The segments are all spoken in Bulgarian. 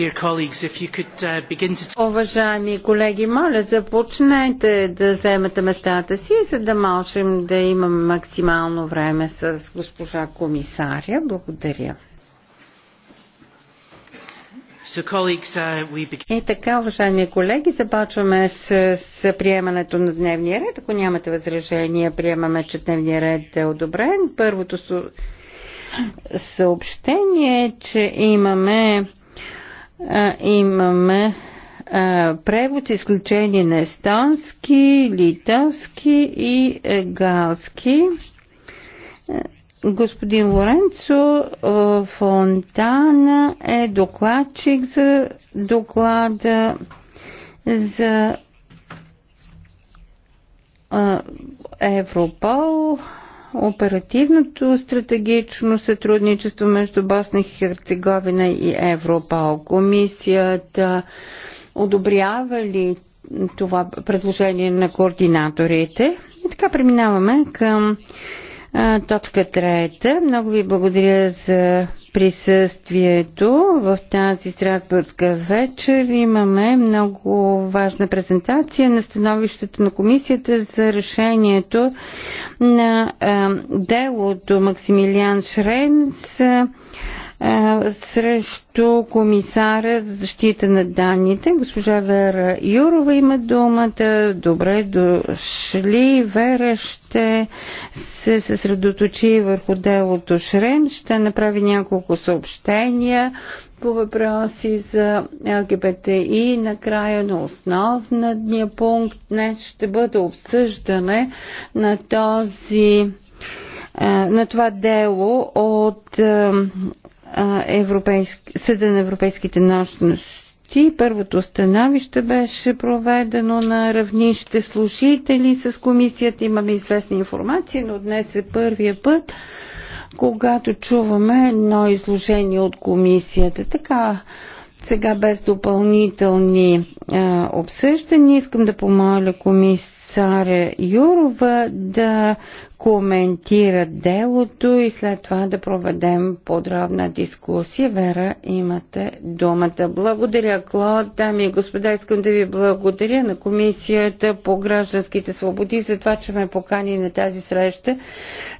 Uh, уважаеми колеги, моля започнете да вземете местата си, за да можем да имам максимално време с госпожа комисаря. Благодаря. Uh, И така, уважаеми колеги, започваме с, с приемането на дневния ред. Ако нямате възражение, приемаме, че дневния ред е одобрен. Първото съобщение е, че имаме а, имаме а, превод с изключение на естонски, литовски и е, галски. Господин Лоренцо Фонтана е докладчик за доклада за Европол оперативното стратегично сътрудничество между Босна и Херцеговина и Европол. Комисията одобрява ли това предложение на координаторите? И така преминаваме към Точка трета. Много ви благодаря за присъствието в тази Страсбургска вечер. Имаме много важна презентация на становището на комисията за решението на делото Максимилиан Шренс срещу комисара за защита на данните. Госпожа Вера Юрова има думата. Добре дошли. Вера ще се съсредоточи върху делото Шрем. Ще направи няколко съобщения по въпроси за и Накрая на основния пункт днес ще бъде обсъждане на този на това дело от Европейски, Съда на европейските нощности. Първото становище беше проведено на равнище служители с комисията. Имаме известна информация, но днес е първия път, когато чуваме едно изложение от комисията. Така, сега без допълнителни а, обсъждания, искам да помоля комисията царя Юрова да коментират делото и след това да проведем подробна дискусия. Вера, имате думата. Благодаря, Клод. Дами и господа, искам да ви благодаря на Комисията по гражданските свободи за това, че ме покани на тази среща.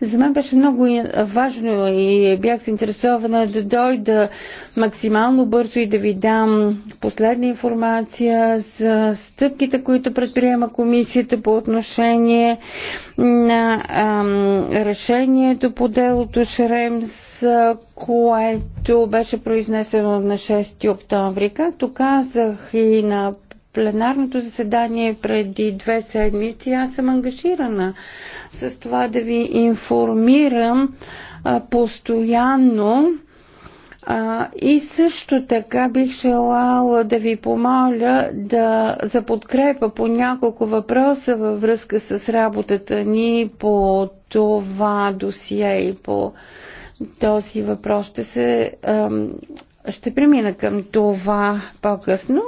За мен беше много важно и бях заинтересована да дойда максимално бързо и да ви дам последна информация за стъпките, които предприема Комисията по отношение на решението по делото Шремс, което беше произнесено на 6 октомври. Както казах и на пленарното заседание преди две седмици, аз съм ангажирана с това да ви информирам постоянно а, и също така бих желала да ви помоля да, за подкрепа по няколко въпроса във връзка с работата ни по това досие и по този въпрос. Ще се ам, ще премина към това по-късно.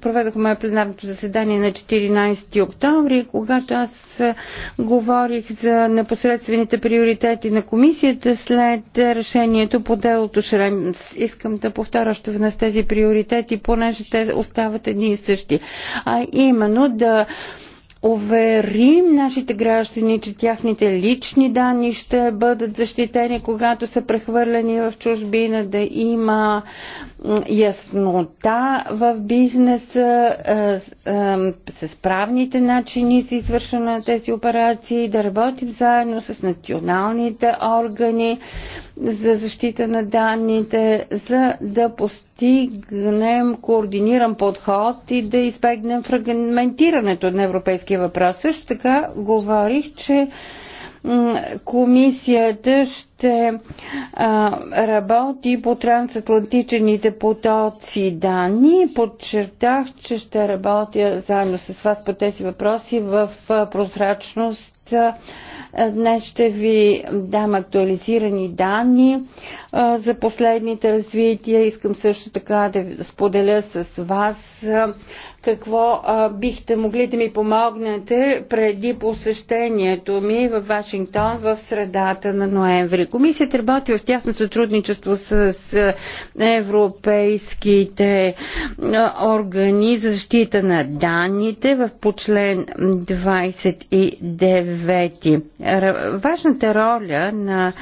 Проведохме пленарното заседание на 14 октомври, когато аз говорих за непосредствените приоритети на комисията след решението по делото Шремс. Искам да повторя още веднъж тези приоритети, понеже те остават едни и същи. А именно да уверим нашите граждани, че тяхните лични данни ще бъдат защитени, когато са прехвърлени в чужбина, да има яснота в бизнеса е, е, с правните начини за извършване на тези операции, да работим заедно с националните органи, за защита на данните, за да постигнем координиран подход и да избегнем фрагментирането на европейския въпрос. Също така говорих, че комисията ще а, работи по трансатлантичените потоци данни. Подчертах, че ще работя заедно с вас по тези въпроси в прозрачност е, днес ще ви дам актуализирани данни е, за последните развития. Искам също така да споделя с вас е, какво а, бихте могли да ми помогнете преди посещението ми в Вашингтон в средата на ноември. Комисията работи в тясно сътрудничество с европейските органи за защита на данните в почлен 29. Важната роля на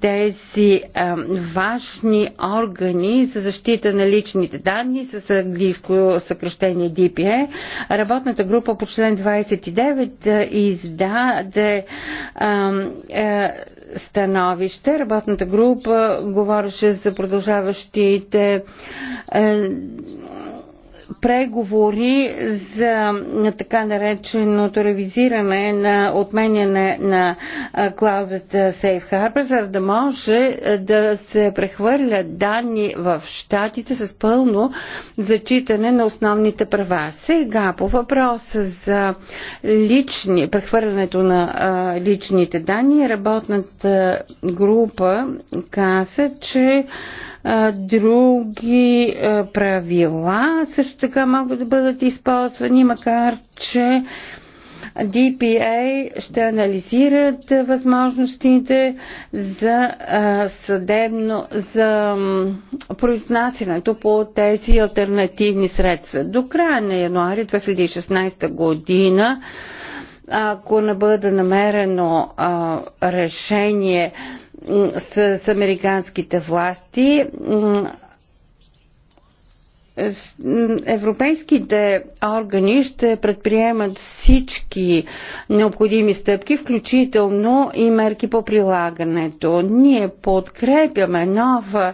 тези а, важни органи за защита на личните данни с английско съкръщение Дипие, работната група по член 29 издаде е, становище. Работната група говореше за продължаващите е, преговори за така нареченото ревизиране на отменяне на клаузата Safe Harbor, за да може да се прехвърлят данни в щатите с пълно зачитане на основните права. Сега по въпроса за лични, прехвърлянето на личните данни, работната група каза, че други правила също така могат да бъдат използвани, макар че DPA ще анализират възможностите за съдебно, за произнасянето по тези альтернативни средства. До края на януари 2016 година, ако не бъде намерено решение с, американските власти европейските органи ще предприемат всички необходими стъпки, включително и мерки по прилагането. Ние подкрепяме нова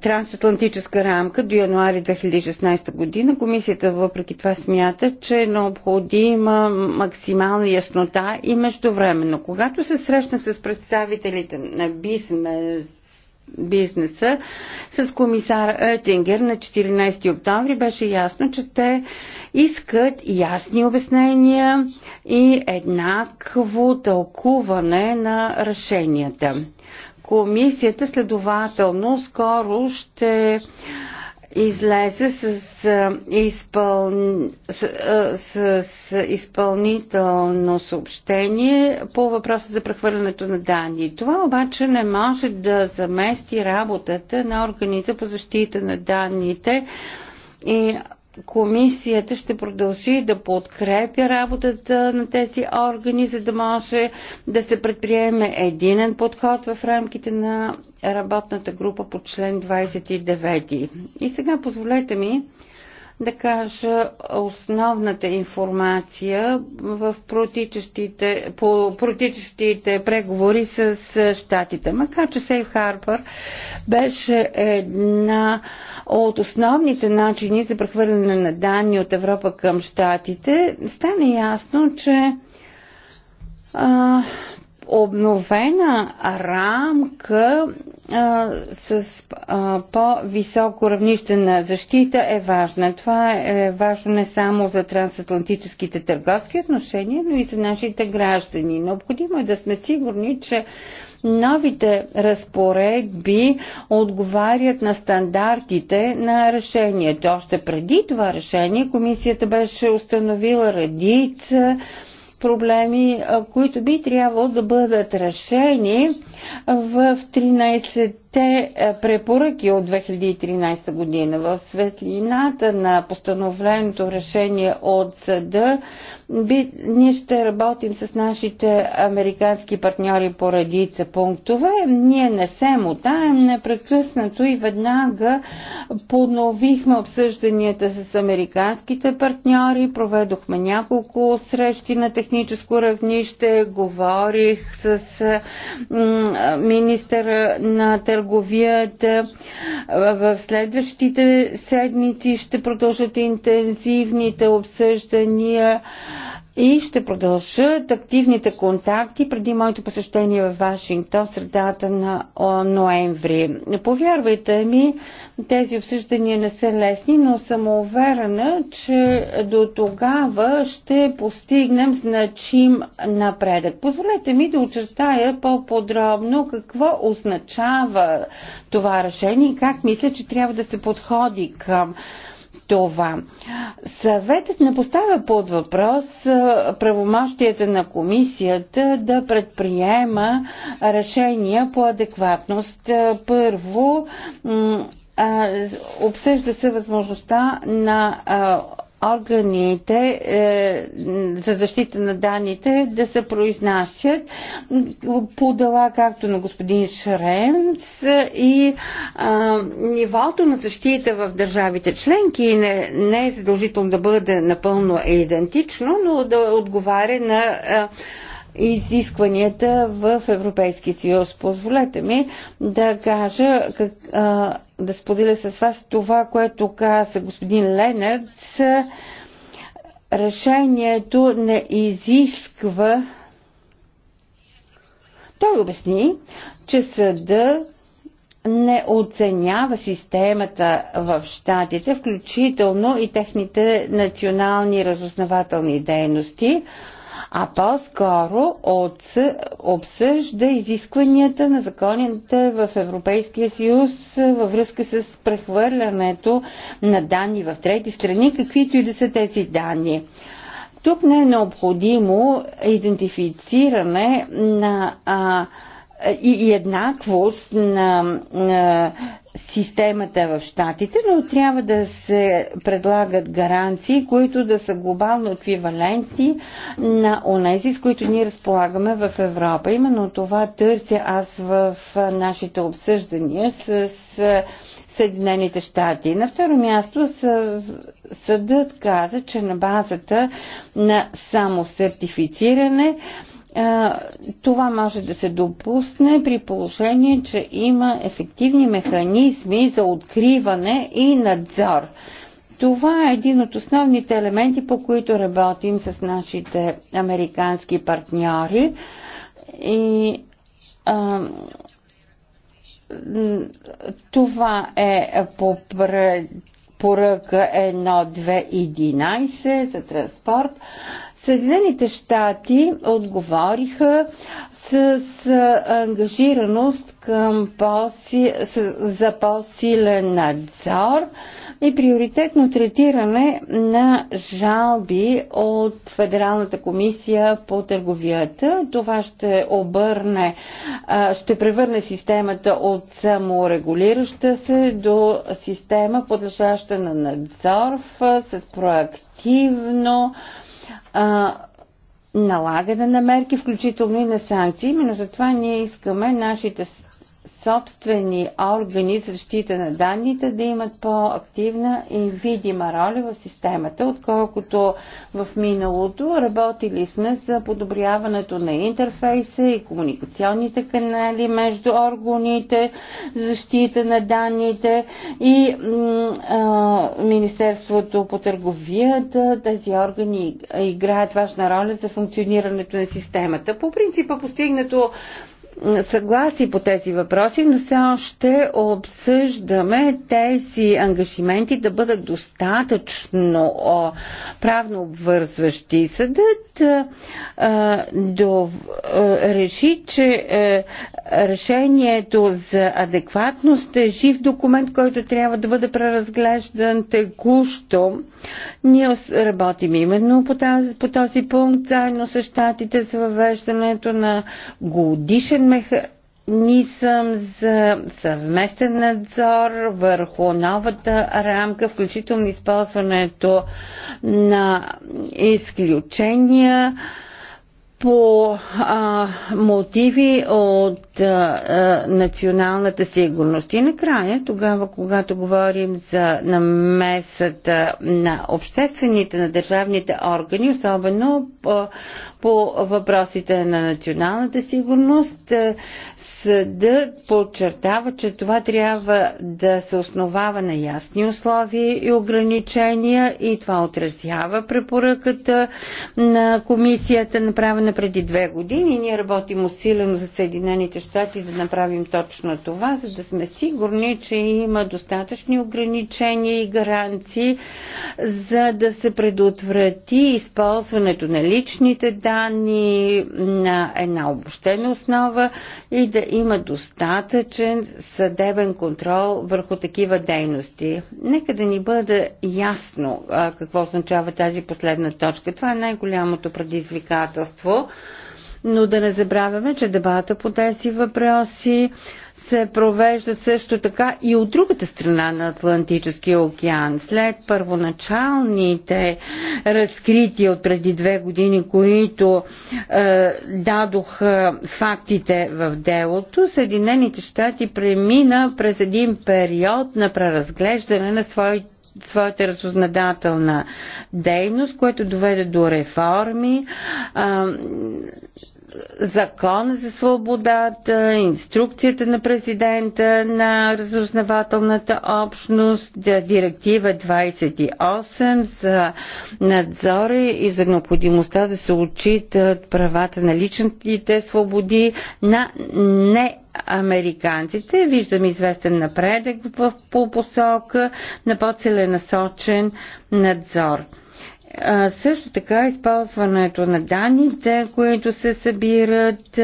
трансатлантическа рамка до януари 2016 година. Комисията въпреки това смята, че е необходима максимална яснота и междувременно. Когато се срещнах с представителите на бизнес, бизнеса с комисар Оттингер на 14 октомври беше ясно, че те искат ясни обяснения и еднакво тълкуване на решенията. Комисията следователно скоро ще излезе с, изпъл... с, с, с изпълнително съобщение по въпроса за прехвърлянето на данни. Това обаче не може да замести работата на органите по защита на данните и комисията ще продължи да подкрепя работата на тези органи, за да може да се предприеме единен подход в рамките на работната група по член 29. И сега позволете ми да кажа основната информация в протичащите, по протичащите преговори с щатите. Макар, че Сейф Харпър беше една от основните начини за прехвърляне на данни от Европа към щатите, стана ясно, че а, обновена рамка а, с по-високо равнище на защита е важна. Това е важно не само за трансатлантическите търговски отношения, но и за нашите граждани. Необходимо е да сме сигурни, че новите разпоредби отговарят на стандартите на решението. Още преди това решение комисията беше установила редица проблеми, които би трябвало да бъдат решени в 13 те е, препоръки от 2013 година в светлината на постановленото решение от съда, би, ние ще работим с нашите американски партньори по редица пунктове. Ние не се мутаем непрекъснато и веднага подновихме обсъжданията с американските партньори, проведохме няколко срещи на техническо равнище, говорих с министъра на телевизията търговията. В следващите седмици ще продължат интензивните обсъждания и ще продължат активните контакти преди моето посещение в Вашингтон в средата на ноември. Повярвайте ми, тези обсъждания не са лесни, но съм уверена, че до тогава ще постигнем значим напредък. Позволете ми да очертая по-подробно какво означава това решение и как мисля, че трябва да се подходи към това. Съветът не поставя под въпрос правомощията на комисията да предприема решения по адекватност. Първо, обсъжда се възможността на органите е, за защита на данните да се произнасят по дела както на господин Шренц и а, нивото на защита в държавите членки не, не е задължително да бъде напълно идентично, но да отговаря на а, изискванията в Европейския съюз. Позволете ми да кажа, как, а, да споделя с вас това, което каза господин Ленард. Решението не изисква. Той обясни, че съда не оценява системата в щатите, включително и техните национални разузнавателни дейности, а по-скоро обсъжда изискванията на законите в Европейския съюз във връзка с прехвърлянето на данни в трети страни, каквито и да са тези данни. Тук не е необходимо идентифициране на а, и еднаквост на, на системата в щатите, но трябва да се предлагат гаранции, които да са глобално еквиваленти на онези, с които ние разполагаме в Европа. Именно това търся аз в нашите обсъждания с Съединените щати. На второ място съдът каза, че на базата на само сертифициране това може да се допусне при положение, че има ефективни механизми за откриване и надзор. Това е един от основните елементи, по които работим с нашите американски партньори. И а, това е по поръка 1211 за транспорт. Съединените щати отговориха с, с ангажираност към по за по-силен надзор и приоритетно третиране на жалби от Федералната комисия по търговията. Това ще обърне, ще превърне системата от саморегулираща се до система подлежаща на надзор с проактивно налагане на мерки, включително и на санкции. Именно затова ние искаме нашите собствени органи за защита на данните да имат по-активна и видима роля в системата, отколкото в миналото. Работили сме за подобряването на интерфейса и комуникационните канали между органите, защита на данните и а, Министерството по търговията. Тези органи играят важна роля за функционирането на системата. По принципа постигнато Съгласи по тези въпроси, но все още обсъждаме тези ангажименти да бъдат достатъчно правно обвързващи. Съдът а, до, а, реши, че е, решението за адекватност е жив документ, който трябва да бъде преразглеждан текущо. Ние работим именно по този, по този пункт, заедно с щатите за въвеждането на годишен механизъм нисъм за съвместен надзор върху новата рамка, включително използването на изключения по а, мотиви от националната сигурност. И накрая, тогава, когато говорим за намесата на обществените, на държавните органи, особено по, по въпросите на националната сигурност, съда, подчертава, че това трябва да се основава на ясни условия и ограничения и това отразява препоръката на комисията, направена преди две години. Ние работим усилено за Съединените щати да направим точно това, за да сме сигурни, че има достатъчни ограничения и гаранции, за да се предотврати използването на личните данни на една обобщена основа и да има достатъчен съдебен контрол върху такива дейности. Нека да ни бъде ясно какво означава тази последна точка. Това е най-голямото предизвикателство но да не забравяме, че дебата по тези въпроси се провежда също така и от другата страна на Атлантическия океан. След първоначалните разкрития от преди две години, които е, дадоха фактите в делото, Съединените щати премина през един период на преразглеждане на своите своята разузнадателна дейност, което доведе до реформи, а, закон за свободата, инструкцията на президента на разузнавателната общност, директива 28 за надзори и за необходимостта да се отчитат правата на личните свободи на не американците. Виждам известен напредък в, по посока на по-целенасочен надзор. А, също така използването на данните, които се събират,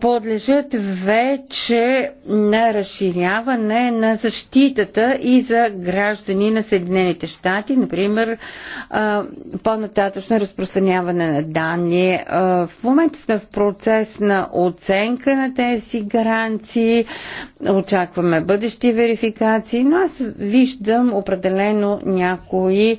подлежат вече на разширяване на защитата и за граждани на Съединените щати, например по-нататъчно разпространяване на данни. В момента сме в процес на оценка на тези гаранции, очакваме бъдещи верификации, но аз виждам определено някои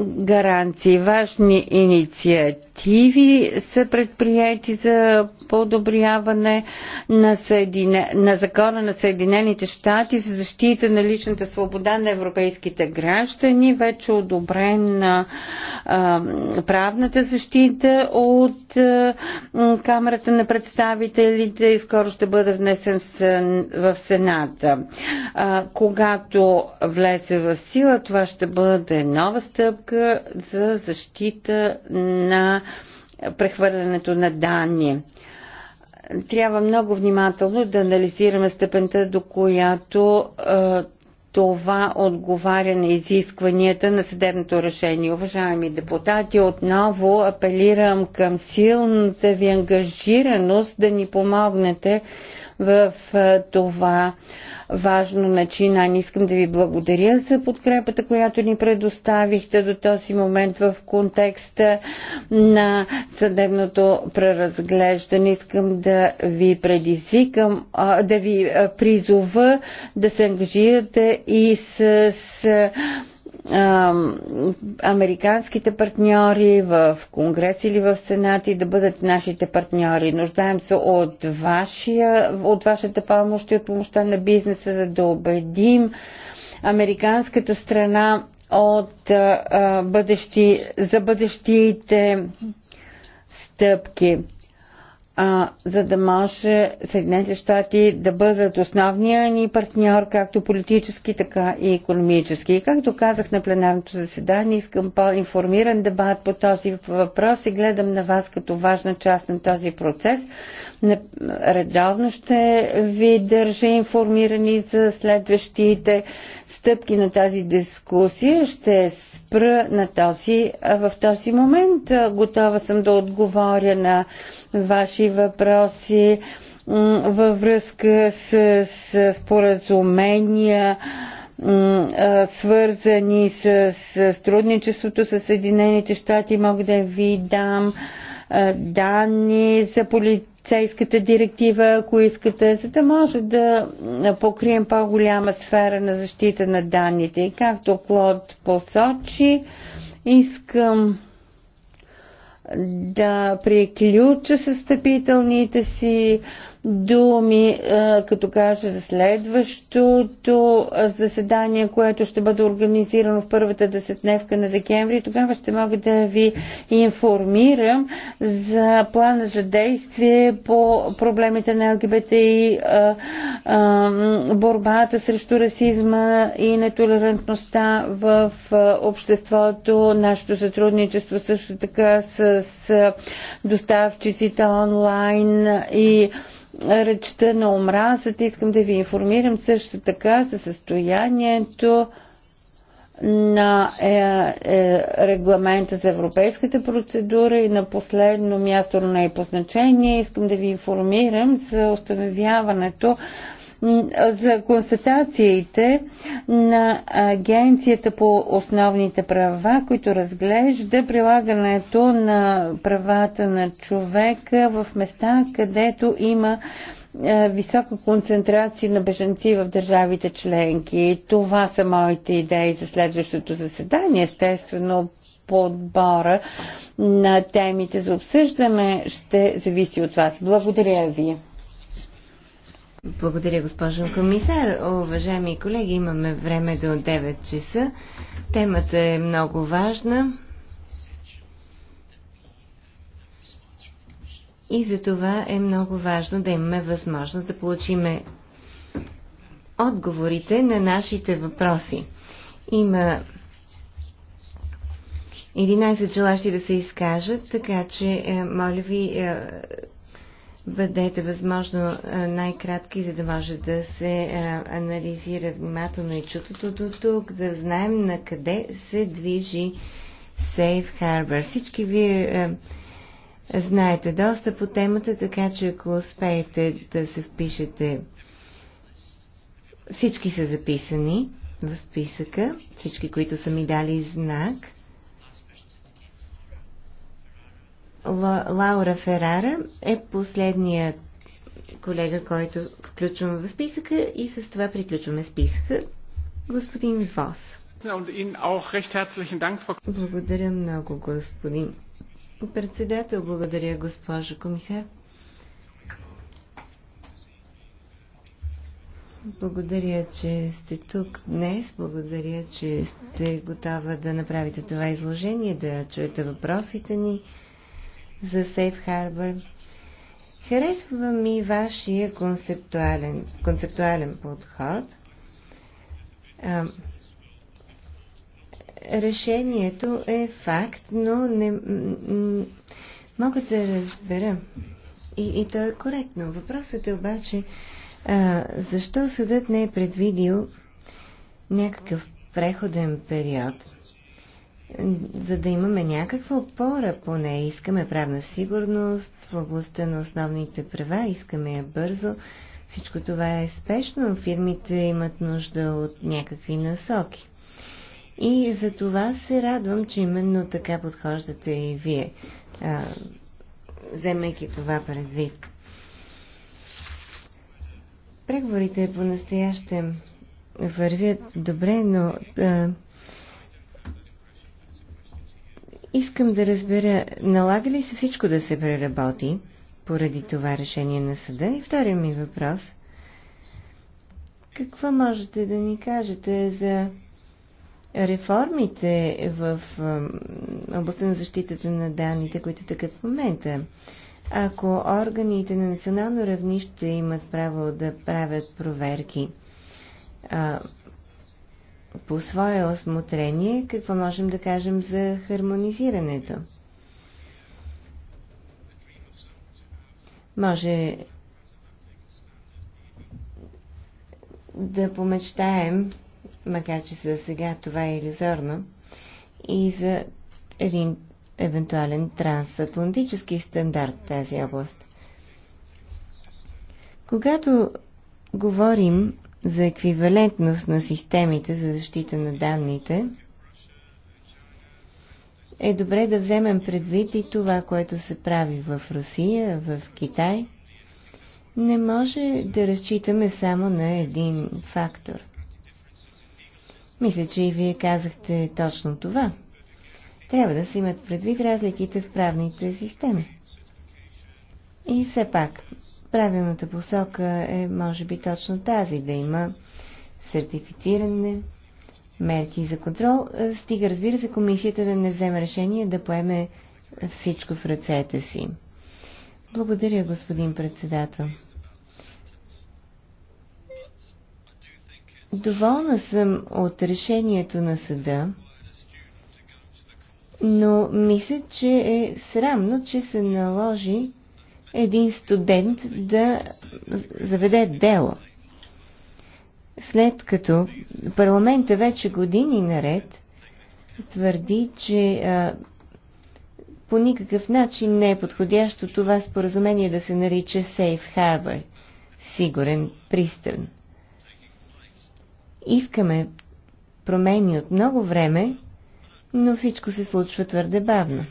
гаранции. Важни инициативи са предприяти за подобряване на, Съедине... на закона на Съединените щати за защита на личната свобода на европейските граждани, вече одобрен на а, правната защита от а, Камерата на представителите и скоро ще бъде внесен в Сената. А, когато влезе в сила, това ще бъде нова стъпка мярка за защита на прехвърлянето на данни. Трябва много внимателно да анализираме степента, до която е, това отговаря на изискванията на съдебното решение. Уважаеми депутати, отново апелирам към силната ви ангажираност да ни помогнете в това важно начинание. Искам да ви благодаря за подкрепата, която ни предоставихте до този момент в контекста на съдебното преразглеждане. Искам да ви предизвикам, да ви призова да се ангажирате и с американските партньори в Конгрес или в Сенат и да бъдат нашите партньори. Нуждаем се от, вашия, от вашата помощ и от помощта на бизнеса, за да убедим американската страна от а, бъдещи, за бъдещите стъпки а, за да може Съединените щати да бъдат основния ни партньор, както политически, така и економически. И както казах на пленарното заседание, искам по-информиран дебат по този въпрос и гледам на вас като важна част на този процес. Редовно ще ви държа информирани за следващите стъпки на тази дискусия. Ще спра на този, в този момент. Готова съм да отговоря на ваши въпроси във връзка с, с споразумения, свързани с, с трудничеството с Съединените щати. Мога да ви дам данни за полицейската директива, ако искате, за да може да покрием по-голяма сфера на защита на данните. И както Клод посочи, искам да приключа състъпителните си думи, е, като кажа за следващото заседание, което ще бъде организирано в първата десетневка на декември. Тогава ще мога да ви информирам за плана за действие по проблемите на ЛГБТ и е, е, борбата срещу расизма и нетолерантността в обществото, нашето сътрудничество също така с доставчиците онлайн и речта на омразата. Искам да ви информирам също така за състоянието на е, е, регламента за европейската процедура и на последно място на е по значение искам да ви информирам за установяването за констатациите на Агенцията по основните права, които разглежда прилагането на правата на човека в места, където има е, висока концентрация на бежанци в държавите членки. Това са моите идеи за следващото заседание. Естествено, подбора на темите за обсъждане ще зависи от вас. Благодаря ви. Благодаря, госпожо комисар. Уважаеми колеги, имаме време до 9 часа. Темата е много важна. И за това е много важно да имаме възможност да получиме отговорите на нашите въпроси. Има 11 желащи да се изкажат, така че, е, моля ви, е, бъдете възможно най-кратки, за да може да се анализира внимателно и чутото до тук, да знаем на къде се движи Safe Harbor. Всички вие знаете доста по темата, така че ако успеете да се впишете, всички са записани в списъка, всички, които са ми дали знак – Лаура Ферара е последният колега, който включваме в списъка и с това приключваме списъка. Господин Вос. Благодаря много, господин председател. Благодаря, госпожо комисар. Благодаря, че сте тук днес. Благодаря, че сте готова да направите това изложение, да чуете въпросите ни за Сейф Харбър. Харесва ми вашия концептуален, концептуален подход. А, решението е факт, но не мога да разбера. И, и то е коректно. Въпросът е обаче, а, защо съдът не е предвидил някакъв преходен период – за да имаме някаква опора, поне искаме правна сигурност в областта на основните права, искаме я бързо. Всичко това е спешно, фирмите имат нужда от някакви насоки. И за това се радвам, че именно така подхождате и вие, а, вземайки това предвид. Преговорите по-настоящем вървят добре, но а, Искам да разбера, налага ли се всичко да се преработи поради това решение на съда? И втория ми въпрос. Какво можете да ни кажете за реформите в областта на защитата на данните, които тъкат в момента? Ако органите на национално равнище имат право да правят проверки, по свое осмотрение какво можем да кажем за хармонизирането. Може да помечтаем, макар че за сега това е иллюзорно, и за един евентуален трансатлантически стандарт в тази област. Когато говорим за еквивалентност на системите за защита на данните, е добре да вземем предвид и това, което се прави в Русия, в Китай. Не може да разчитаме само на един фактор. Мисля, че и вие казахте точно това. Трябва да се имат предвид разликите в правните системи. И все пак, правилната посока е, може би, точно тази, да има сертифициране, мерки за контрол. Е, стига, разбира се, комисията да не вземе решение да поеме всичко в ръцете си. Благодаря, господин председател. Доволна съм от решението на съда, но мисля, че е срамно, че се наложи един студент да заведе дело. След като парламента вече години наред твърди, че а, по никакъв начин не е подходящо това споразумение да се нарича Safe Harbor, сигурен пристан. Искаме промени от много време, но всичко се случва твърде бавно.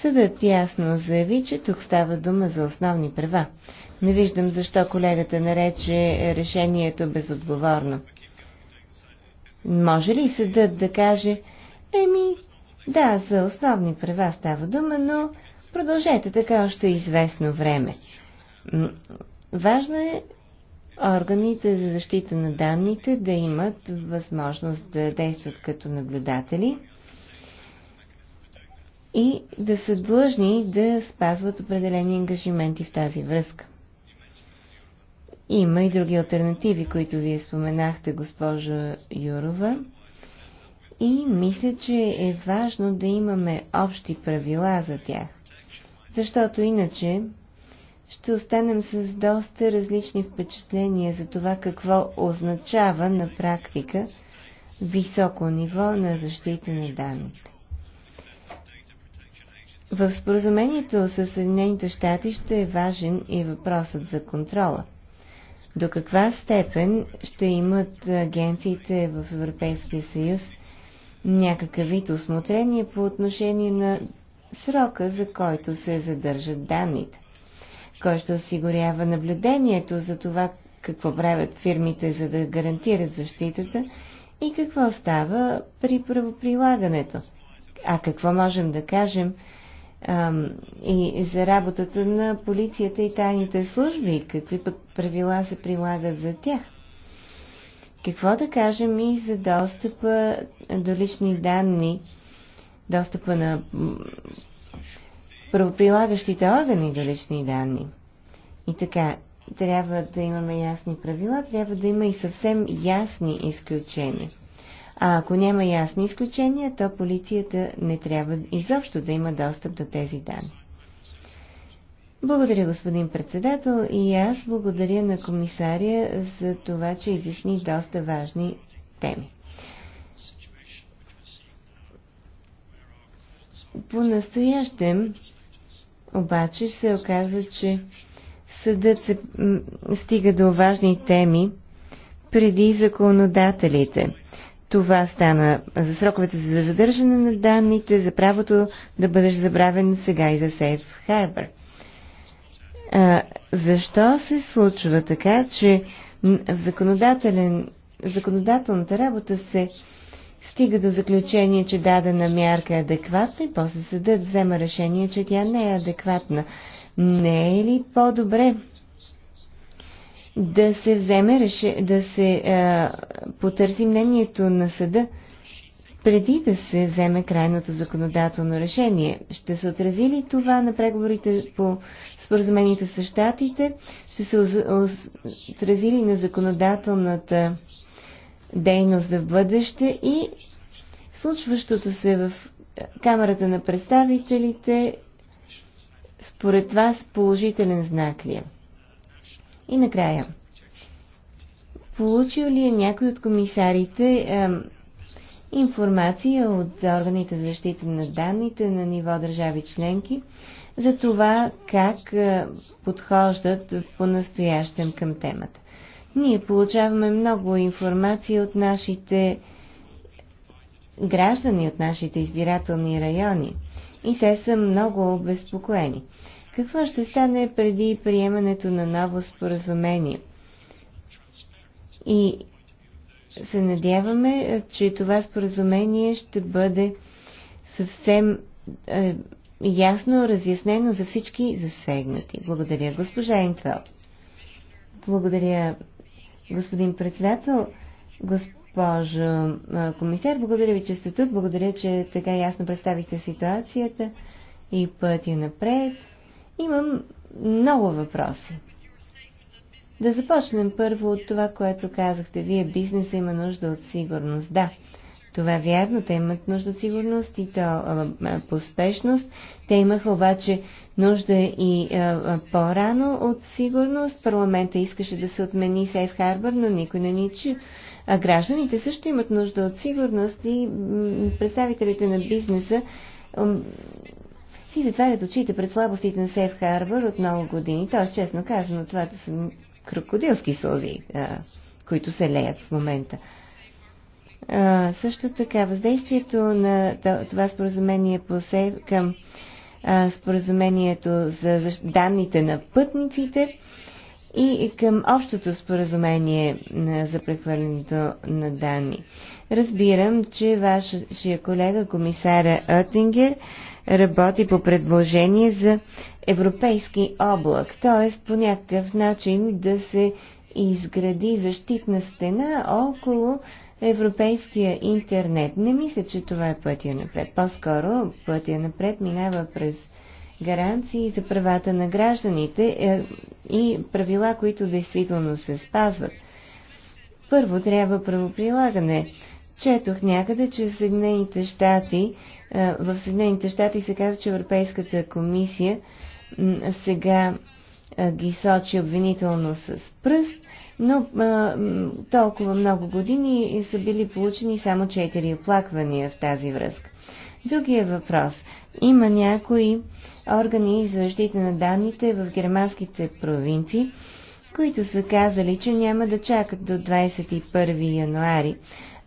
Съдът ясно заяви, че тук става дума за основни права. Не виждам защо колегата нарече решението безотговорно. Може ли съдът да каже, еми, да, за основни права става дума, но продължете така още известно време. Важно е органите за защита на данните да имат възможност да действат като наблюдатели – и да са длъжни да спазват определени ангажименти в тази връзка. Има и други альтернативи, които вие споменахте, госпожа Юрова. И мисля, че е важно да имаме общи правила за тях. Защото иначе ще останем с доста различни впечатления за това какво означава на практика високо ниво на защита на данните. В споразумението с Съединените щати ще е важен и въпросът за контрола. До каква степен ще имат агенциите в Европейския съюз някакъв вид осмотрение по отношение на срока, за който се задържат данните? Кой ще осигурява наблюдението за това какво правят фирмите, за да гарантират защитата и какво става при правоприлагането? А какво можем да кажем и за работата на полицията и тайните служби, какви пък правила се прилагат за тях. Какво да кажем и за достъпа до лични данни, достъпа на правоприлагащите органи до лични данни. И така, трябва да имаме ясни правила, трябва да има и съвсем ясни изключения. А ако няма ясни изключения, то полицията не трябва изобщо да има достъп до тези данни. Благодаря, господин председател, и аз благодаря на комисария за това, че изясни доста важни теми. По-настоящем обаче се оказва, че съдът се стига до важни теми преди законодателите. Това стана за сроковете за задържане на данните, за правото да бъдеш забравен сега и за Сейф Харбър. Защо се случва така, че в законодателен, законодателната работа се стига до заключение, че дадена мярка е адекватна и после съдът взема решение, че тя не е адекватна. Не е ли по-добре да се вземе, реше, да се а, е, потърси мнението на съда преди да се вземе крайното законодателно решение. Ще се отрази ли това на преговорите по споразумените с щатите? Ще се отрази ли на законодателната дейност за бъдеще и случващото се в Камерата на представителите според вас положителен знак ли е? И накрая, получил ли е някой от комисарите е, информация от органите за защита на данните на ниво държави членки за това как е, подхождат по-настоящем към темата? Ние получаваме много информация от нашите граждани, от нашите избирателни райони и те са много обезпокоени. Какво ще стане преди приемането на ново споразумение? И се надяваме, е, че това споразумение ще бъде съвсем е, ясно разяснено за всички засегнати. Благодаря, госпожа Интвел. Благодаря, господин председател, госпожо е, комисар. Благодаря ви, че сте тук. Благодаря, че така ясно представихте ситуацията и пътя напред. Имам много въпроси. Да започнем първо от това, което казахте. Вие бизнеса има нужда от сигурност. Да, това е вярно. Те имат нужда от сигурност и то по а, поспешност. Те имаха обаче нужда и по-рано от сигурност. Парламента искаше да се отмени Сейф Харбър, но никой не ни чу. А гражданите също имат нужда от сигурност и представителите на бизнеса си затварят очите пред слабостите на Сейф Харбър от много години. Т.е. честно казано, това да са крокодилски сълзи, които се леят в момента. А, също така, въздействието на това споразумение по Сейф към а, споразумението за данните на пътниците и към общото споразумение за прехвърлянето на данни. Разбирам, че вашия колега, комисаря Оттингер, работи по предложение за европейски облак, т.е. по някакъв начин да се изгради защитна стена около европейския интернет. Не мисля, че това е пътя напред. По-скоро пътя напред минава през гаранции за правата на гражданите е, и правила, които действително се спазват. Първо трябва правоприлагане. Четох някъде, че Съединените щати е, в Съединените щати се казва, че Европейската комисия сега е, ги сочи обвинително с пръст, но е, толкова много години са били получени само 4 оплаквания в тази връзка. Другия въпрос. Има някои органи за защита на данните в германските провинции, които са казали, че няма да чакат до 21 януари,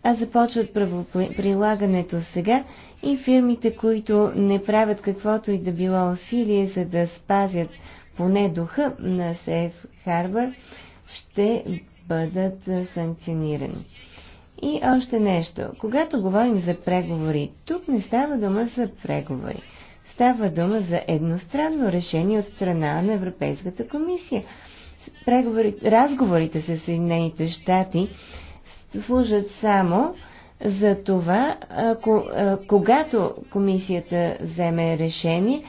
а започват правоприлагането сега и фирмите, които не правят каквото и да било усилие, за да спазят поне духа на Сейф Харбър, ще бъдат санкционирани. И още нещо. Когато говорим за преговори, тук не става дума за преговори. Става дума за едностранно решение от страна на Европейската комисия. Преговори, разговорите с Съединените щати служат само за това, когато комисията вземе решение,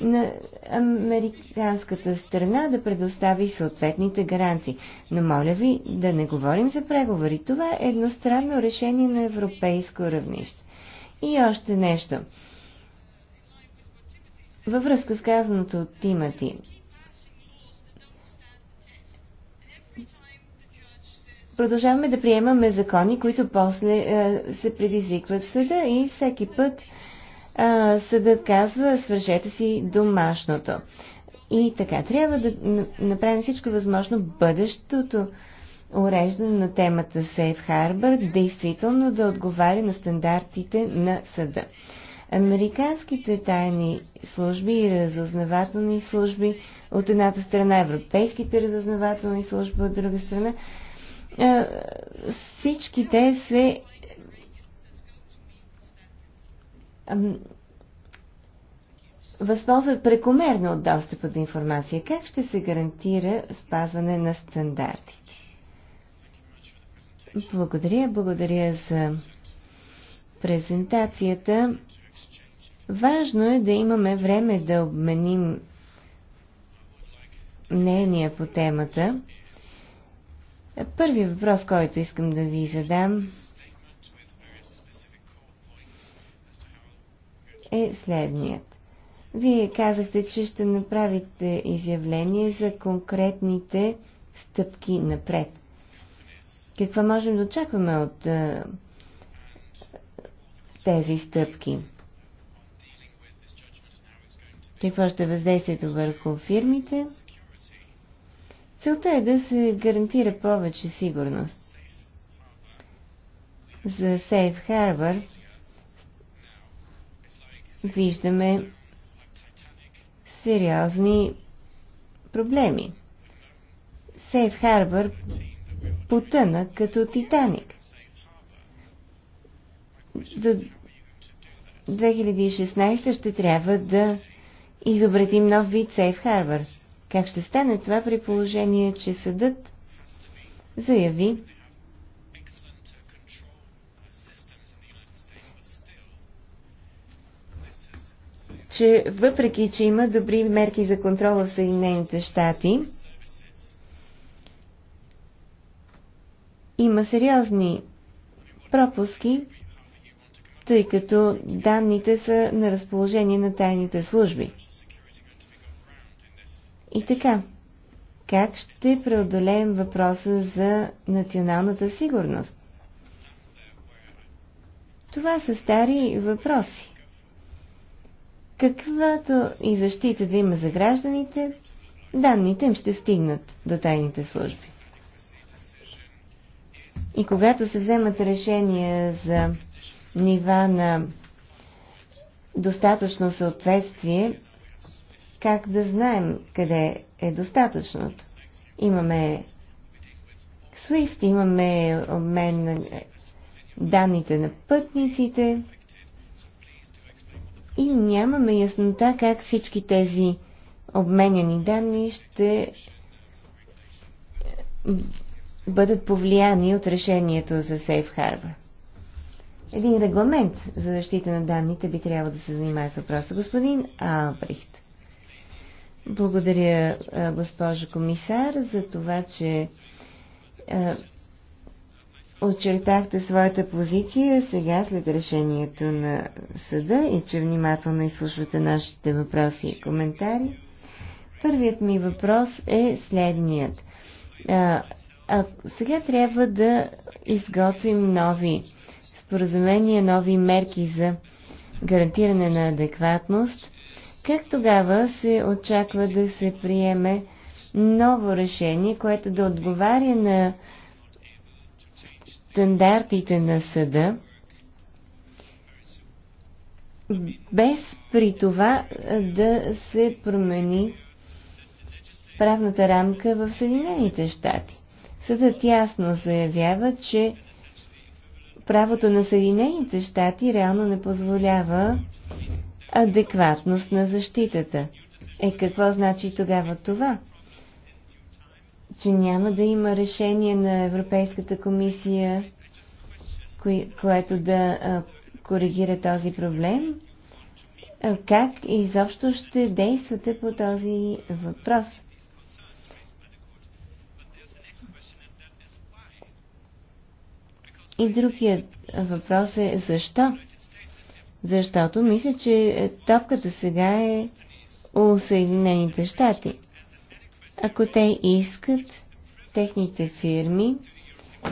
на американската страна да предостави съответните гаранции. Но моля ви да не говорим за преговори. Това е едностранно решение на европейско равнище. И още нещо. Във връзка с казаното от Тимати, продължаваме да приемаме закони, които после а, е, се предизвикват в съда и всеки път а, е, съдът казва свършете си домашното. И така, трябва да направим всичко възможно бъдещото уреждане на темата Safe Harbor действително да отговаря на стандартите на съда. Американските тайни служби и разузнавателни служби от едната страна, европейските разузнавателни служби от друга страна, е, всички те се възползват прекомерно от достъпа до информация. Как ще се гарантира спазване на стандартите? Благодаря, благодаря за презентацията. Важно е да имаме време да обменим мнения по темата. Първият въпрос, който искам да ви задам, е следният. Вие казахте, че ще направите изявление за конкретните стъпки напред. Какво можем да очакваме от а, тези стъпки? Какво ще въздействието върху фирмите? Целта е да се гарантира повече сигурност. За Сейф Харбър виждаме сериозни проблеми. Сейф Харбър потъна като Титаник. До 2016 ще трябва да изобретим нов вид Сейф Харбър. Как ще стане това при положение, че съдът заяви, че въпреки, че има добри мерки за контрола в Съединените щати, има сериозни пропуски, тъй като данните са на разположение на тайните служби. И така, как ще преодолеем въпроса за националната сигурност? Това са стари въпроси. Каквато и защита да има за гражданите, данните им ще стигнат до тайните служби. И когато се вземат решения за нива на достатъчно съответствие, как да знаем къде е достатъчното. Имаме SWIFT, имаме обмен на данните на пътниците и нямаме яснота как всички тези обменяни данни ще бъдат повлияни от решението за Safe Harbor. Един регламент за защита на данните би трябвало да се занимае с въпроса господин Албрихт. Благодаря, госпожо комисар, за това, че очертахте своята позиция сега след решението на съда и че внимателно изслушвате нашите въпроси и коментари. Първият ми въпрос е следният. А, а сега трябва да изготвим нови споразумения, нови мерки за гарантиране на адекватност как тогава се очаква да се приеме ново решение, което да отговаря на стандартите на съда, без при това да се промени правната рамка в Съединените щати. Съдът ясно заявява, че правото на Съединените щати реално не позволява адекватност на защитата. Е, какво значи тогава това? Че няма да има решение на Европейската комисия, кое, което да а, коригира този проблем? А, как изобщо ще действате по този въпрос? И другият въпрос е защо? Защото мисля, че е, топката сега е у Съединените щати. Ако те искат техните фирми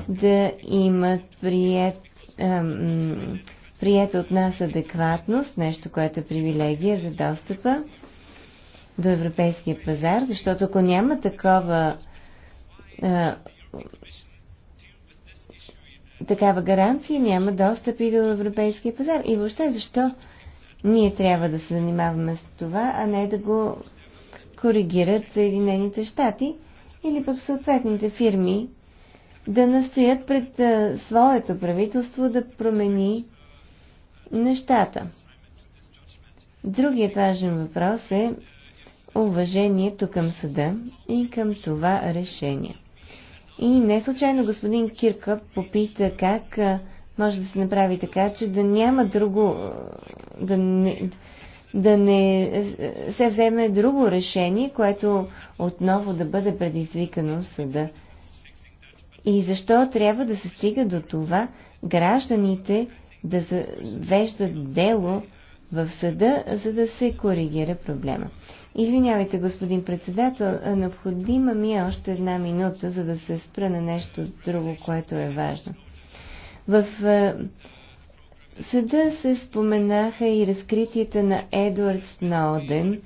да имат прият, ам, прият от нас адекватност, нещо, което е привилегия за достъпа до европейския пазар, защото ако няма такова а, такава гаранция няма достъп и до европейския пазар. И въобще защо ние трябва да се занимаваме с това, а не да го коригират Съединените щати или пък съответните фирми да настоят пред а, своето правителство да промени нещата. Другият важен въпрос е уважението към съда и към това решение. И не случайно господин Кирка попита как може да се направи така, че да няма друго, да не, да не се вземе друго решение, което отново да бъде предизвикано в съда. И защо трябва да се стига до това гражданите да завеждат дело в съда, за да се коригира проблема. Извинявайте, господин председател, необходима ми е още една минута, за да се спра на нещо друго, което е важно. В съда се споменаха и разкритията на Едуард Сноуден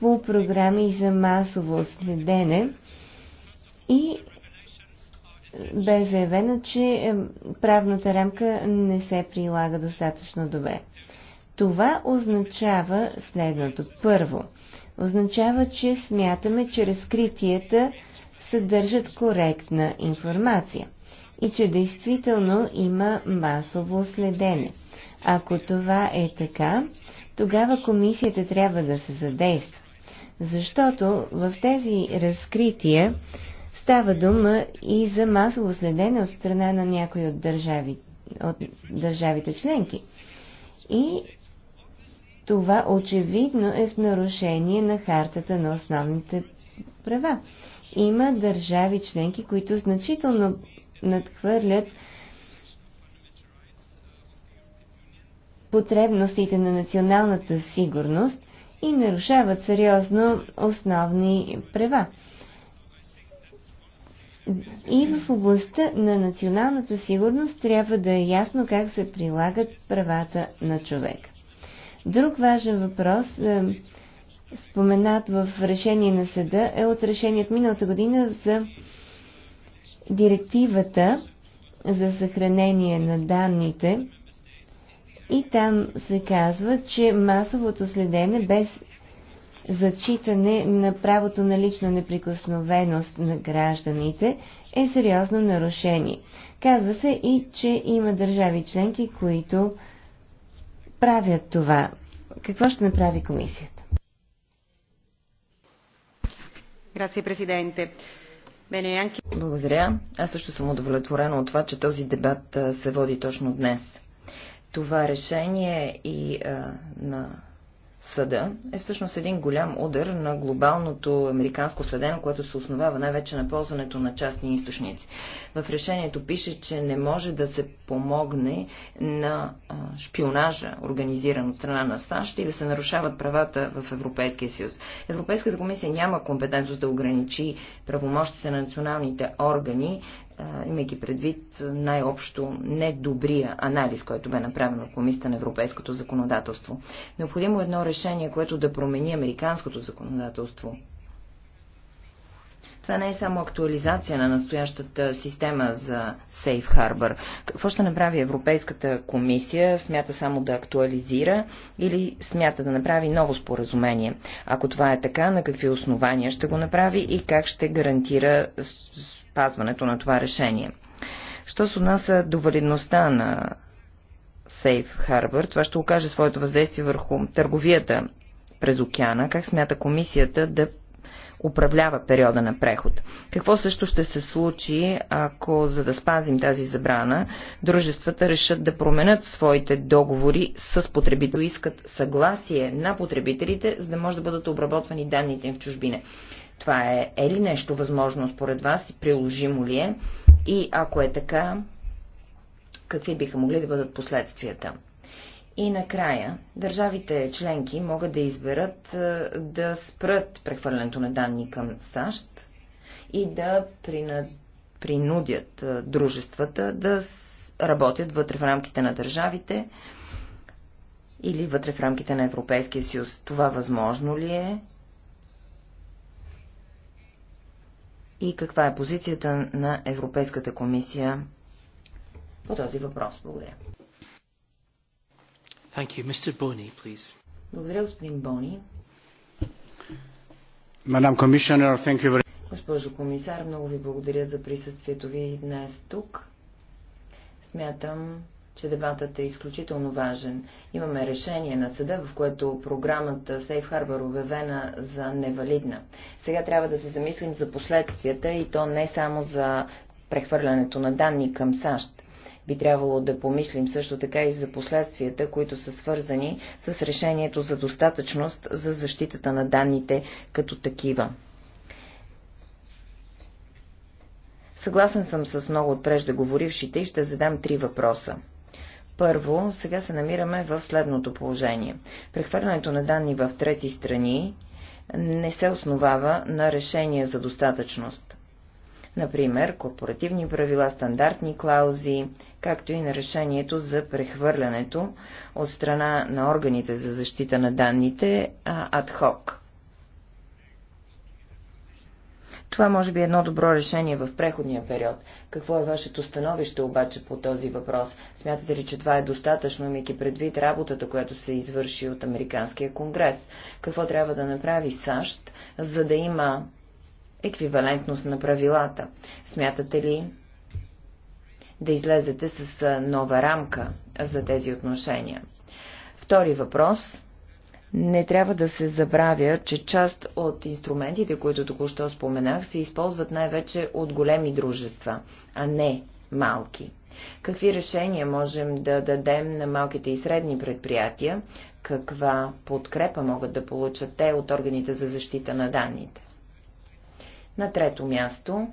по програми за масово следене и бе заявено, че правната рамка не се прилага достатъчно добре. Това означава следното. Първо – означава, че смятаме, че разкритията съдържат коректна информация и че действително има масово следене. Ако това е така, тогава комисията трябва да се задейства, защото в тези разкрития става дума и за масово следене от страна на някои от, държави, от държавите членки. И това очевидно е в нарушение на хартата на основните права. Има държави членки, които значително надхвърлят потребностите на националната сигурност и нарушават сериозно основни права. И в областта на националната сигурност трябва да е ясно как се прилагат правата на човека. Друг важен въпрос, е, споменат в решение на съда, е от решение от миналата година за директивата за съхранение на данните. И там се казва, че масовото следене без зачитане на правото на лична неприкосновеност на гражданите е сериозно нарушение. Казва се и, че има държави членки, които правят това? Какво ще направи комисията? Благодаря. Аз също съм удовлетворена от това, че този дебат се води точно днес. Това решение и а, на съда е всъщност един голям удар на глобалното американско следено, което се основава най-вече на ползването на частни източници. В решението пише, че не може да се помогне на шпионажа, организиран от страна на САЩ и да се нарушават правата в Европейския съюз. Европейската комисия няма компетентност да ограничи правомощите на националните органи имайки предвид най-общо недобрия анализ, който бе направен от Комисията на европейското законодателство. Необходимо е едно решение, което да промени американското законодателство. Това не е само актуализация на настоящата система за Safe Harbor. Какво ще направи Европейската комисия? Смята само да актуализира или смята да направи ново споразумение? Ако това е така, на какви основания ще го направи и как ще гарантира спазването на това решение. Що се отнася до валидността на Safe Harbor, това ще окаже своето въздействие върху търговията през океана, как смята комисията да управлява периода на преход. Какво също ще се случи, ако за да спазим тази забрана, дружествата решат да променят своите договори с потребители, искат съгласие на потребителите, за да може да бъдат обработвани данните им в чужбина. Това е, е ли нещо възможно според вас и приложимо ли е? И ако е така, какви биха могли да бъдат последствията? И накрая, държавите членки могат да изберат е, да спрат прехвърлянето на данни към САЩ и да принудят е, дружествата да работят вътре в рамките на държавите или вътре в рамките на Европейския съюз. Това възможно ли е? и каква е позицията на Европейската комисия по този въпрос. Благодаря. Thank you. Mr. Boni, please. Благодаря, господин Бони. Мадам комисионер, thank you very... Госпожо комисар, много ви благодаря за присъствието ви днес тук. Смятам, че дебатът е изключително важен. Имаме решение на съда, в което програмата Safe Harbor обявена за невалидна. Сега трябва да се замислим за последствията и то не само за прехвърлянето на данни към САЩ. Би трябвало да помислим също така и за последствията, които са свързани с решението за достатъчност за защитата на данните като такива. Съгласен съм с много от преждеговорившите и ще задам три въпроса. Първо, сега се намираме в следното положение. Прехвърлянето на данни в трети страни не се основава на решение за достатъчност. Например, корпоративни правила, стандартни клаузи, както и на решението за прехвърлянето от страна на органите за защита на данните адхок. Това може би е едно добро решение в преходния период. Какво е вашето становище обаче по този въпрос? Смятате ли, че това е достатъчно, имайки предвид работата, която се извърши от Американския конгрес? Какво трябва да направи САЩ, за да има еквивалентност на правилата? Смятате ли да излезете с нова рамка за тези отношения? Втори въпрос не трябва да се забравя, че част от инструментите, които току-що споменах, се използват най-вече от големи дружества, а не малки. Какви решения можем да дадем на малките и средни предприятия? Каква подкрепа могат да получат те от органите за защита на данните? На трето място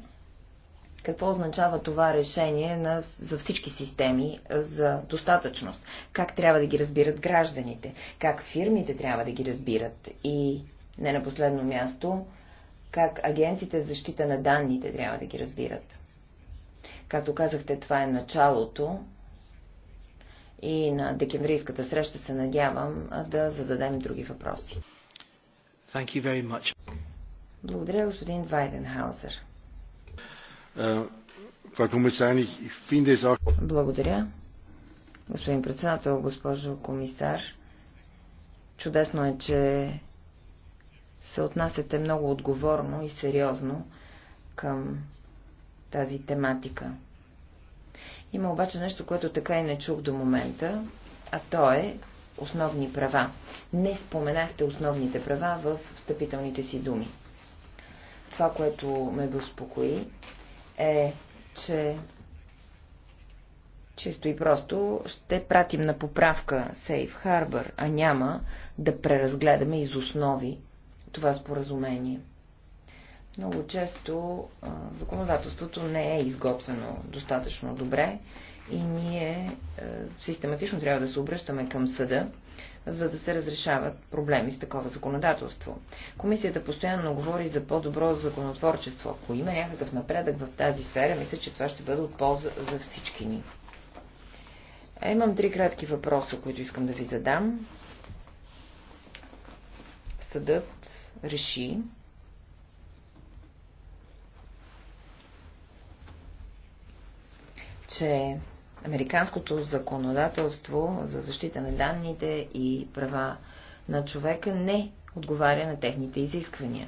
какво означава това решение на, за всички системи за достатъчност? Как трябва да ги разбират гражданите? Как фирмите трябва да ги разбират? И не на последно място, как агенците за защита на данните трябва да ги разбират? Както казахте, това е началото и на декемврийската среща се надявам да зададем други въпроси. Thank you very much. Благодаря, господин Вайденхаузер. Благодаря. Господин председател, госпожо комисар, чудесно е, че се отнасяте много отговорно и сериозно към тази тематика. Има обаче нещо, което така и не чух до момента, а то е основни права. Не споменахте основните права в встъпителните си думи. Това, което ме безпокои, е, че чисто и просто ще пратим на поправка Safe Harbor, а няма да преразгледаме из основи това споразумение. Много често законодателството не е изготвено достатъчно добре и ние е, систематично трябва да се обръщаме към съда, за да се разрешават проблеми с такова законодателство. Комисията постоянно говори за по-добро законотворчество. Ако има някакъв напредък в тази сфера, мисля, че това ще бъде от полза за всички ни. А е, имам три кратки въпроса, които искам да ви задам. Съдът реши, че американското законодателство за защита на данните и права на човека не отговаря на техните изисквания.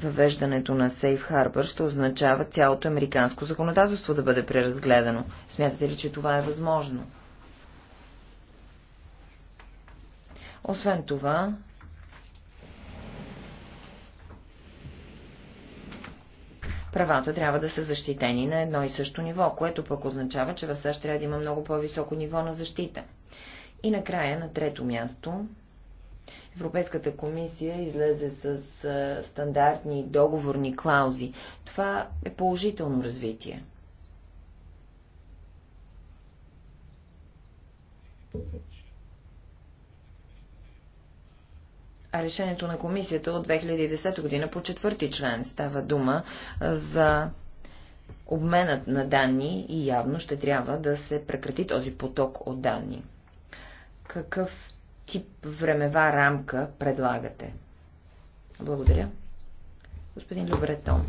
Въвеждането на Сейф Harbor ще означава цялото американско законодателство да бъде преразгледано. Смятате ли, че това е възможно? Освен това, правата трябва да са защитени на едно и също ниво, което пък означава, че в САЩ трябва да има много по-високо ниво на защита. И накрая, на трето място, Европейската комисия излезе с стандартни договорни клаузи. Това е положително развитие. Thank you. решението на комисията от 2010 година по четвърти член става дума за обменът на данни и явно ще трябва да се прекрати този поток от данни. Какъв тип времева рамка предлагате? Благодаря. Господин Любретон.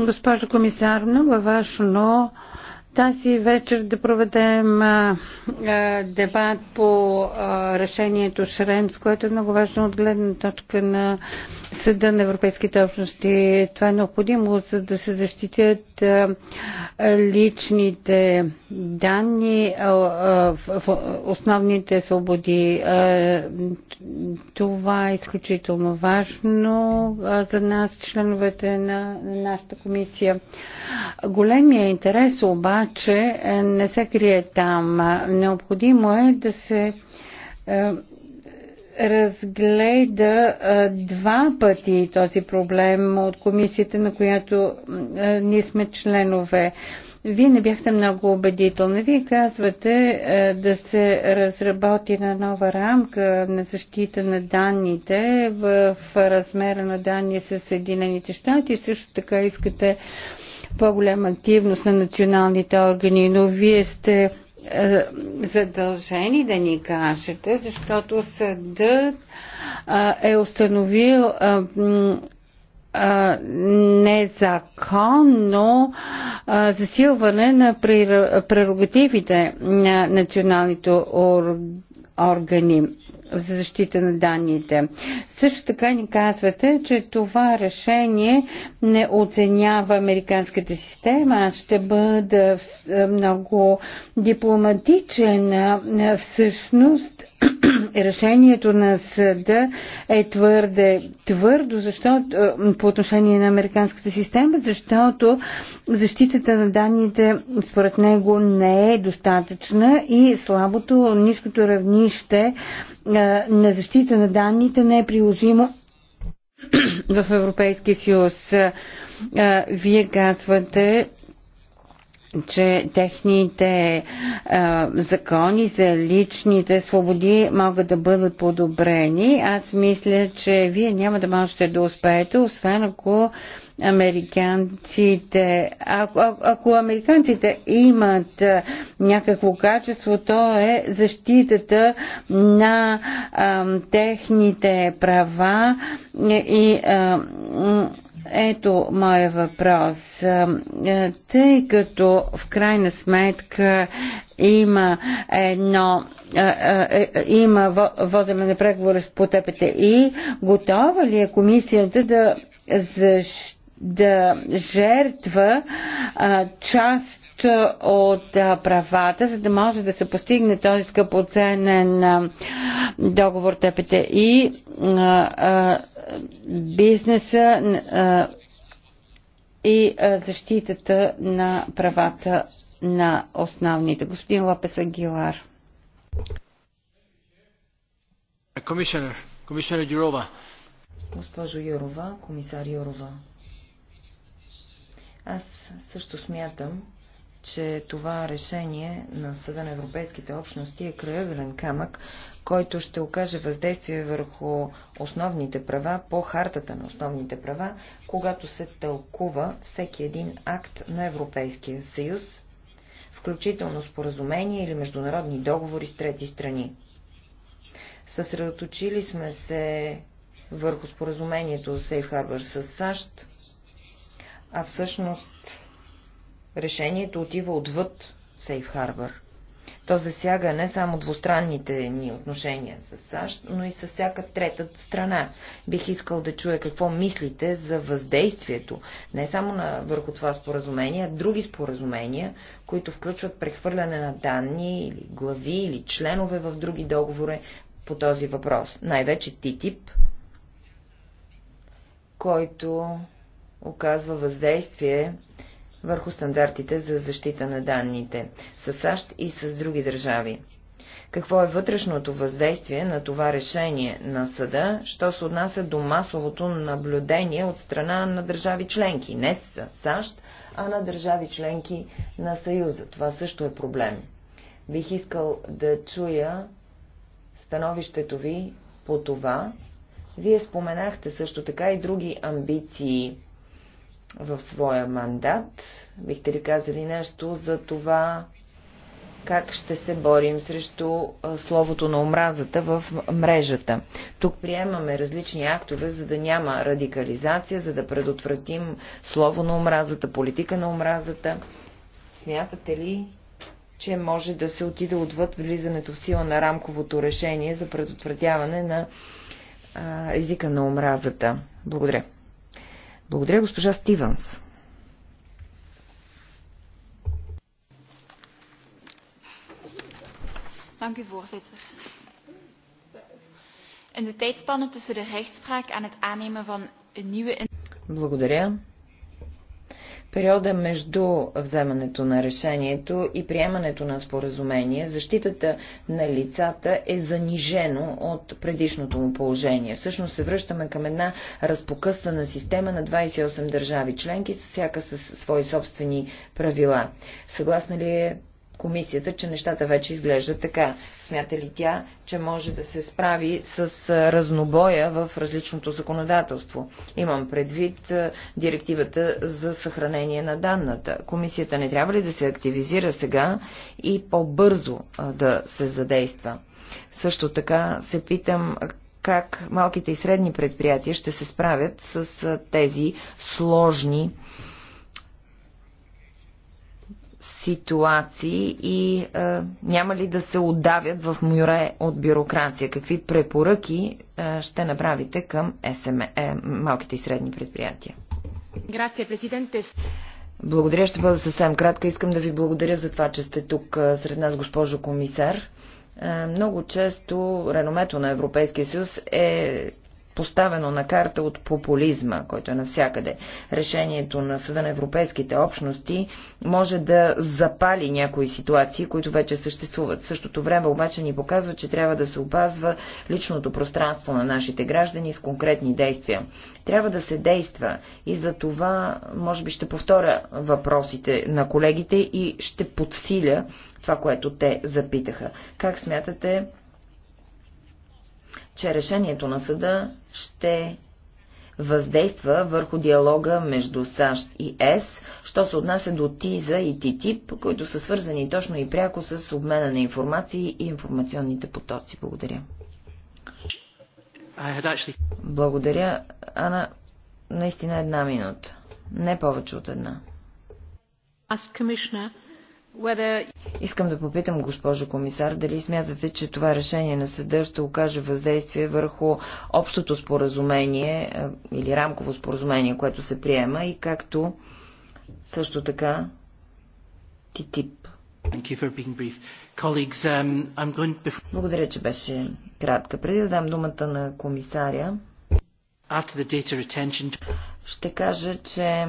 Госпожо комисар, много е важно тази вечер да проведем а, а, дебат по а, решението Шремс, което е много важно от гледна точка на Съда на Европейските общности. Това е необходимо, за да се защитят личните данни, основните свободи. Това е изключително важно за нас, членовете на нашата комисия. Големия интерес обаче е, не се крие там. Необходимо е да се е, разгледа два пъти този проблем от комисията, на която ние сме членове. Вие не бяхте много убедителни. Вие казвате да се разработи на нова рамка на защита на данните в размера на данни с Съединените щати. Също така искате по-голяма активност на националните органи, но вие сте е, задължени да ни кажете, защото съдът е установил незаконно засилване на прерогативите на националните органи органи за защита на данните. Също така ни казвате, че това решение не оценява американската система. Аз ще бъда много дипломатичен. Всъщност решението на съда е твърде твърдо защото, е, по отношение на американската система, защото защитата на данните според него не е достатъчна и слабото, ниското равнище е, на защита на данните не е приложимо в Европейския съюз. Е, вие казвате, че техните а, закони за личните свободи могат да бъдат подобрени. Аз мисля, че вие няма да можете да успеете, освен ако американците, ако, ако американците имат някакво качество, то е защитата на а, техните права и а, ето моя въпрос. Тъй като в крайна сметка има едно е, има водене на преговори с потепите и готова ли е комисията да защита? да жертва а, част от правата, за да може да се постигне този скъпоценен договор ТПТ и а, бизнеса а, и защитата на правата на основните. Господин Лопес Агилар. Комисар Юрова. Госпожо Юрова, комисар Юрова. Аз също смятам, че това решение на Съда на Европейските общности е краевелен камък, който ще окаже въздействие върху основните права по хартата на основните права, когато се тълкува всеки един акт на Европейския съюз, включително споразумение или международни договори с трети страни. Съсредоточили сме се върху споразумението Safe Harbor с САЩ, а всъщност решението отива отвъд Сейф Харбър. То засяга не само двустранните ни отношения с САЩ, но и с всяка трета страна. Бих искал да чуя какво мислите за въздействието не само на, върху това споразумение, а други споразумения, които включват прехвърляне на данни или глави или членове в други договори по този въпрос. Най-вече ТИТИП, който оказва въздействие върху стандартите за защита на данните с САЩ и с други държави. Какво е вътрешното въздействие на това решение на съда, що се отнася до масовото наблюдение от страна на държави членки, не с САЩ, а на държави членки на Съюза? Това също е проблем. Бих искал да чуя становището ви по това. Вие споменахте също така и други амбиции в своя мандат. Бихте ли казали нещо за това, как ще се борим срещу словото на омразата в мрежата. Тук приемаме различни актове, за да няма радикализация, за да предотвратим слово на омразата, политика на омразата. Смятате ли, че може да се отиде отвъд влизането в сила на рамковото решение за предотвратяване на езика на омразата? Благодаря. Благодаря, госпожа Стивенс. Dank u, voorzitter. In de tijdspannen tussen de rechtspraak en het aannemen van een nieuwe. Благодаря периода между вземането на решението и приемането на споразумение, защитата на лицата е занижено от предишното му положение. Всъщност се връщаме към една разпокъсана система на 28 държави членки, всяка със свои собствени правила. Съгласна ли е комисията, че нещата вече изглеждат така. Смята ли тя, че може да се справи с разнобоя в различното законодателство? Имам предвид директивата за съхранение на данната. Комисията не трябва ли да се активизира сега и по-бързо да се задейства? Също така се питам как малките и средни предприятия ще се справят с тези сложни ситуации и е, няма ли да се отдавят в море от бюрокрация? Какви препоръки е, ще направите към СМ, е, малките и средни предприятия? Грация, президенте. Благодаря, ще бъда съвсем кратка. Искам да ви благодаря за това, че сте тук е, сред нас, госпожо комисар. Е, много често реномето на Европейския съюз е поставено на карта от популизма, който е навсякъде. Решението на Съда на Европейските общности може да запали някои ситуации, които вече съществуват. В същото време обаче ни показва, че трябва да се опазва личното пространство на нашите граждани с конкретни действия. Трябва да се действа и за това, може би, ще повторя въпросите на колегите и ще подсиля това, което те запитаха. Как смятате че решението на съда ще въздейства върху диалога между САЩ и ЕС, що се отнася до ТИЗА и ТИТИП, които са свързани точно и пряко с обмена на информации и информационните потоци. Благодаря. Actually... Благодаря, Ана. Наистина една минута. Не повече от една. Аз, Искам да попитам, госпожо комисар, дали смятате, че това решение на съда ще окаже въздействие върху общото споразумение е, или рамково споразумение, което се приема и както също така ТИТИП. Um, Благодаря, че беше кратка. Преди да дам думата на комисаря, ще кажа, че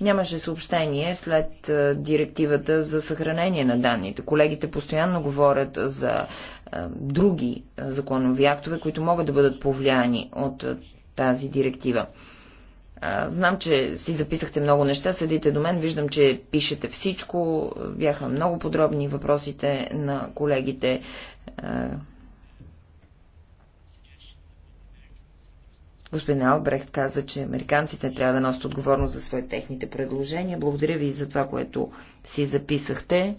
Нямаше съобщение след е, директивата за съхранение на данните. Колегите постоянно говорят за е, други е, законови актове, които могат да бъдат повлияни от тази директива. Знам, че си записахте много неща, седите до мен, виждам, че пишете всичко. Бяха много подробни въпросите на колегите. Господин Албрехт каза, че американците трябва да носят отговорност за своите техните предложения. Благодаря ви за това, което си записахте.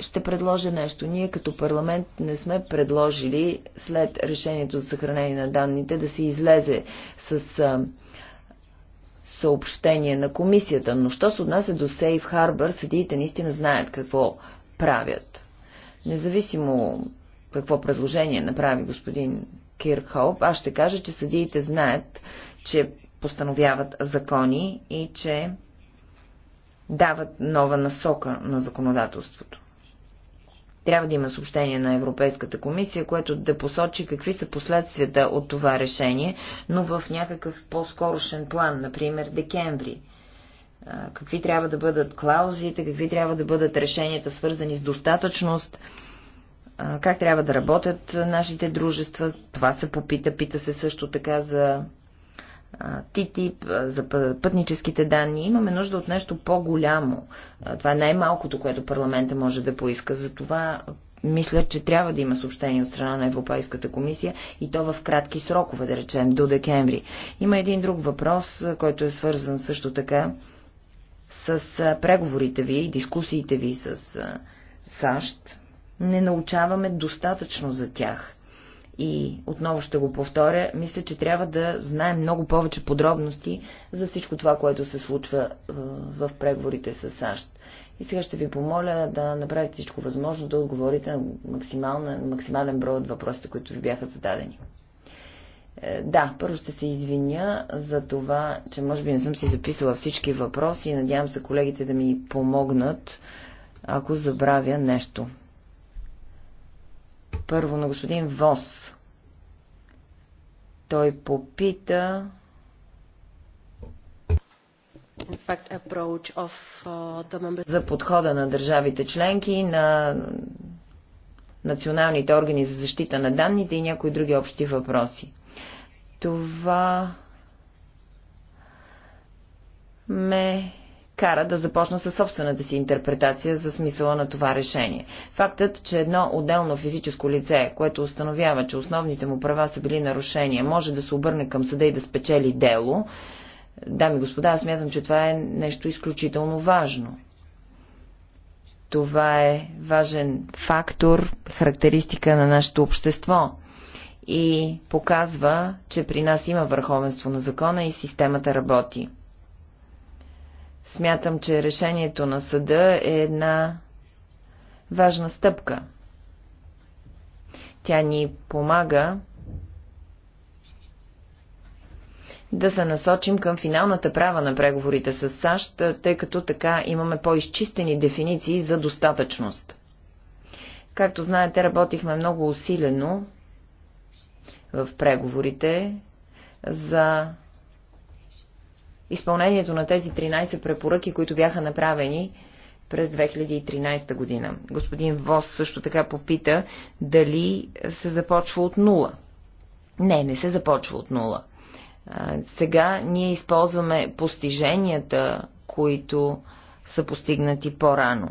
Ще предложа нещо. Ние като парламент не сме предложили след решението за съхранение на данните да се излезе с съобщение на комисията, но що се отнася до Сейф Харбър, съдиите наистина знаят какво правят. Независимо какво предложение направи господин Кирхолп, аз ще кажа, че съдиите знаят, че постановяват закони и че дават нова насока на законодателството. Трябва да има съобщение на Европейската комисия, което да посочи какви са последствията от това решение, но в някакъв по-скорошен план, например декември. Какви трябва да бъдат клаузите, какви трябва да бъдат решенията свързани с достатъчност, как трябва да работят нашите дружества. Това се попита. Пита се също така за ТИТИП, за пътническите данни. Имаме нужда от нещо по-голямо. Това е най-малкото, което парламента може да поиска. Затова мисля, че трябва да има съобщение от страна на Европейската комисия и то в кратки срокове, да речем, до декември. Има един друг въпрос, който е свързан също така с преговорите ви и дискусиите ви с САЩ не научаваме достатъчно за тях. И отново ще го повторя, мисля, че трябва да знаем много повече подробности за всичко това, което се случва е, в преговорите с САЩ. И сега ще ви помоля да направите всичко възможно да отговорите на максимален брой от въпросите, които ви бяха зададени. Е, да, първо ще се извиня за това, че може би не съм си записала всички въпроси и надявам се колегите да ми помогнат, ако забравя нещо. Първо на господин Вос. Той попита uh, за подхода на държавите членки, на националните органи за защита на данните и някои други общи въпроси. Това ме кара да започна със собствената си интерпретация за смисъла на това решение. Фактът, че едно отделно физическо лице, което установява, че основните му права са били нарушения, може да се обърне към съда и да спечели дело, дами и господа, аз смятам, че това е нещо изключително важно. Това е важен фактор, характеристика на нашето общество и показва, че при нас има върховенство на закона и системата работи. Смятам, че решението на съда е една важна стъпка. Тя ни помага да се насочим към финалната права на преговорите с САЩ, тъй като така имаме по-изчистени дефиниции за достатъчност. Както знаете, работихме много усилено в преговорите за изпълнението на тези 13 препоръки, които бяха направени през 2013 година. Господин Вос също така попита дали се започва от нула. Не, не се започва от нула. Сега ние използваме постиженията, които са постигнати по-рано.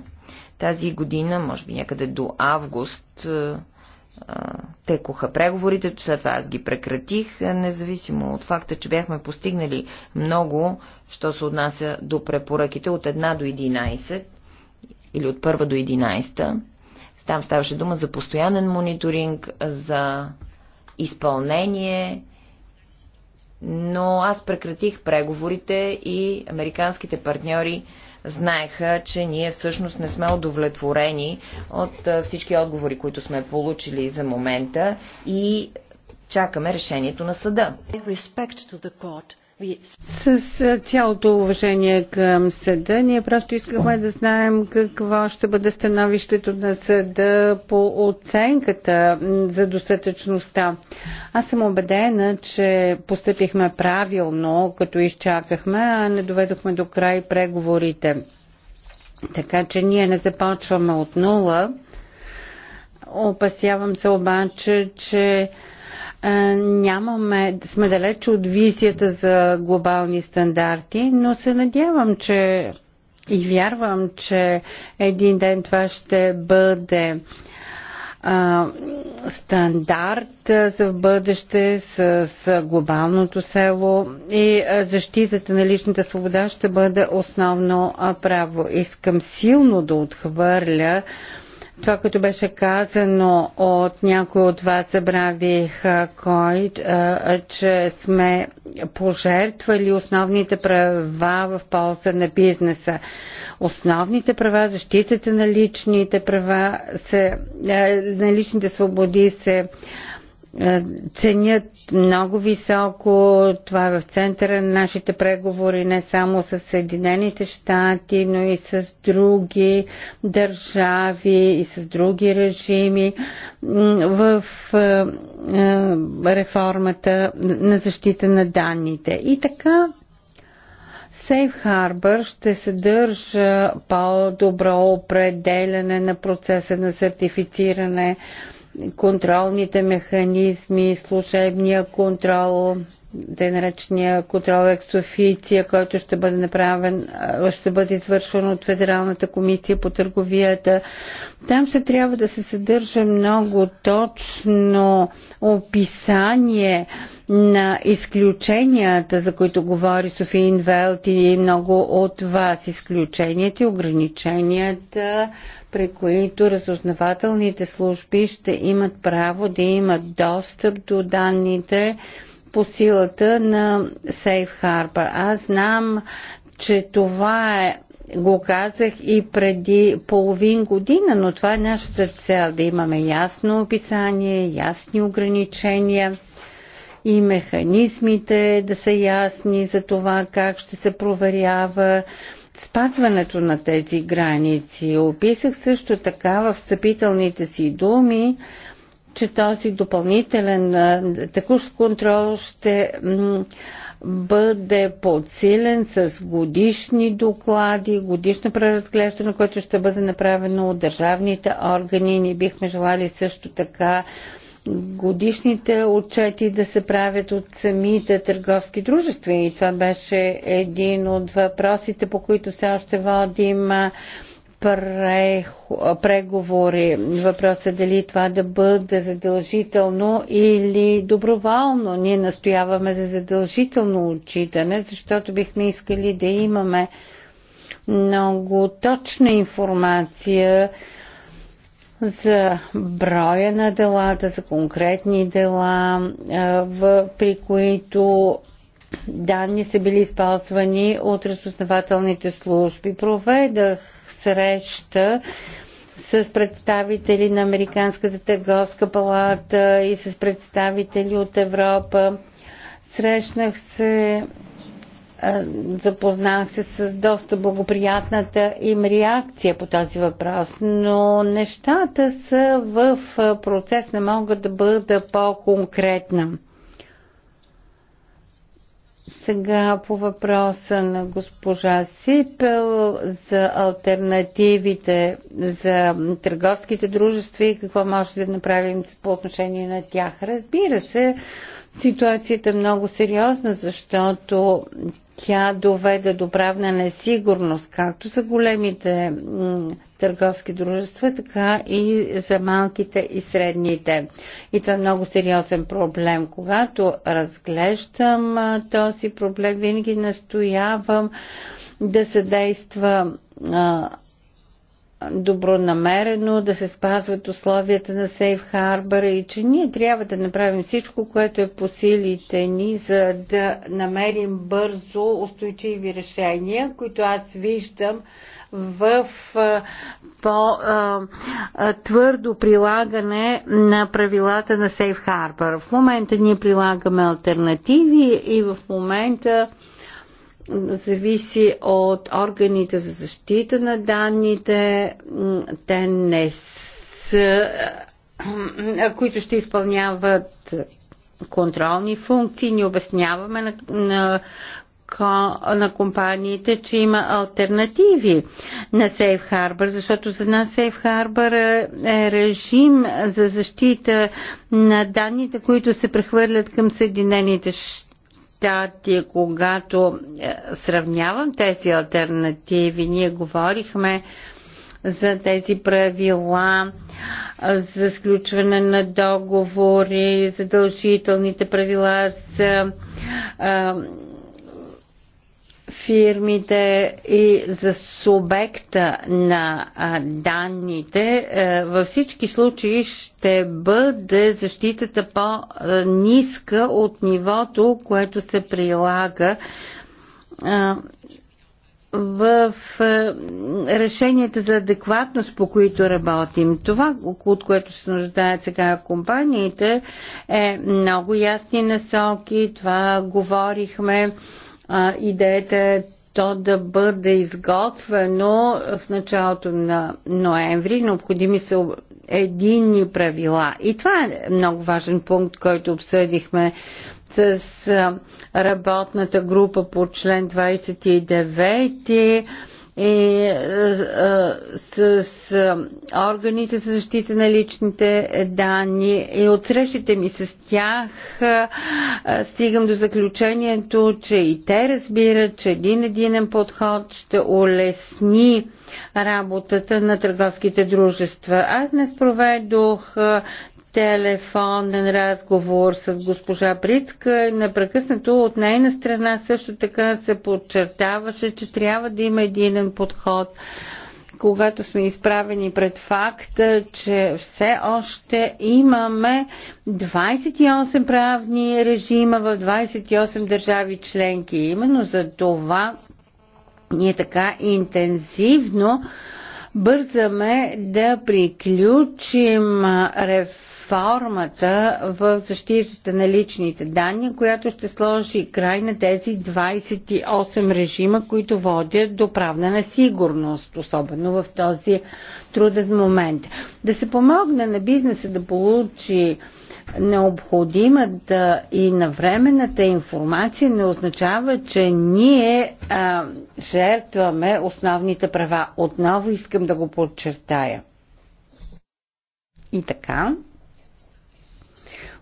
Тази година, може би някъде до август, текоха преговорите, след това аз ги прекратих, е, независимо от факта, че бяхме постигнали много, що се отнася до препоръките от 1 до 11 или от 1 до 11. Там ставаше дума за постоянен мониторинг, за изпълнение, но аз прекратих преговорите и американските партньори знаеха, че ние всъщност не сме удовлетворени от всички отговори, които сме получили за момента и чакаме решението на съда. С цялото уважение към съда, ние просто искахме да знаем какво ще бъде становището на съда по оценката за достатъчността. Аз съм убедена, че постъпихме правилно, като изчакахме, а не доведохме до край преговорите. Така че ние не започваме от нула. Опасявам се обаче, че нямаме, сме далеч от визията за глобални стандарти, но се надявам, че и вярвам, че един ден това ще бъде а, стандарт за в бъдеще с, с глобалното село и защитата на личната свобода ще бъде основно право. Искам силно да отхвърля а, това, което беше казано от някой от вас, забравих кой, че сме пожертвали основните права в полза на бизнеса. Основните права, защитата на личните права, се, е, на личните свободи се е, ценят много високо. Това е в центъра на нашите преговори не само с Съединените щати, но и с други държави и с други режими в е, е, реформата на защита на данните. И така Safe Harbor ще съдържа по-добро определяне на процеса на сертифициране контролните механизми, служебния контрол, да наречения контрол екстофиция, който ще бъде направен, ще бъде извършван от Федералната комисия по търговията. Там ще трябва да се съдържа много точно описание на изключенията, за които говори Софиин Велт и много от вас. Изключенията и ограниченията при които разузнавателните служби ще имат право да имат достъп до данните по силата на Safe Harbor. Аз знам, че това е го казах и преди половин година, но това е нашата цел да имаме ясно описание, ясни ограничения и механизмите да са ясни за това как ще се проверява спазването на тези граници. Описах също така в встъпителните си думи, че този допълнителен текущ контрол ще бъде подсилен с годишни доклади, годишно преразглеждане, което ще бъде направено от държавните органи. Ние бихме желали също така годишните отчети да се правят от самите търговски дружества. И това беше един от въпросите, по които все още водим преговори. Въпросът е дали това да бъде задължително или доброволно. Ние настояваме за задължително отчитане, защото бихме искали да имаме много точна информация за броя на делата, за конкретни дела, в, при които данни са били използвани от разузнавателните служби. Проведах среща с представители на Американската търговска палата и с представители от Европа. Срещнах се Запознах се с доста благоприятната им реакция по този въпрос, но нещата са в процес, не могат да бъда по-конкретна. Сега по въпроса на госпожа Сипел за альтернативите за търговските дружества и какво може да направим по отношение на тях. Разбира се, ситуацията е много сериозна, защото тя доведе до правна несигурност, както за големите търговски дружества, така и за малките и средните. И това е много сериозен проблем. Когато разглеждам този проблем, винаги настоявам да се действа добронамерено да се спазват условията на Сейф Харбър и че ние трябва да направим всичко, което е по силите ни, за да намерим бързо устойчиви решения, които аз виждам в по-твърдо прилагане на правилата на Сейф Харбър. В момента ние прилагаме альтернативи и в момента зависи от органите за защита на данните. Те не са, които ще изпълняват контролни функции. Ни обясняваме на, на на компаниите, че има альтернативи на Safe Harbor, защото за нас Safe Harbor е, е режим за защита на данните, които се прехвърлят към Съединените щати щати, когато е, сравнявам тези альтернативи, ние говорихме за тези правила, за сключване на договори, задължителните правила с фирмите и за субекта на данните, е, във всички случаи ще бъде защитата по-ниска от нивото, което се прилага в е, решенията за адекватност, по които работим. Това, от което се нуждаят сега компаниите, е много ясни насоки. Това говорихме а, идеята е то да бъде изготвено в началото на ноември. Необходими са единни правила. И това е много важен пункт, който обсъдихме с работната група по член 29 и е, е, е, с, с органите за защита на личните данни и от срещите ми с тях стигам до заключението, че и те разбират, че един единен подход ще улесни работата на търговските дружества. Аз днес проведох телефонен разговор с госпожа Бритка. Непрекъснато от нейна страна също така се подчертаваше, че трябва да има единен подход когато сме изправени пред факта, че все още имаме 28 правни режима в 28 държави членки. Именно за това ние така интензивно бързаме да приключим реформа платформата в защитата на личните данни, която ще сложи край на тези 28 режима, които водят до правна сигурност, особено в този труден момент. Да се помогне на бизнеса да получи необходимата и навременната информация не означава, че ние а, жертваме основните права. Отново искам да го подчертая. И така,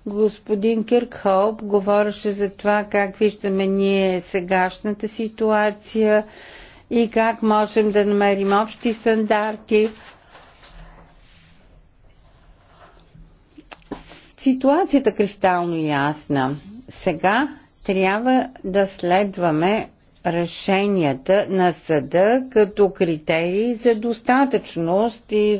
Господин Киркхолп говореше за това как виждаме ние сегашната ситуация и как можем да намерим общи стандарти. Ситуацията е кристално ясна. Сега трябва да следваме решенията на съда като критерии за достатъчност и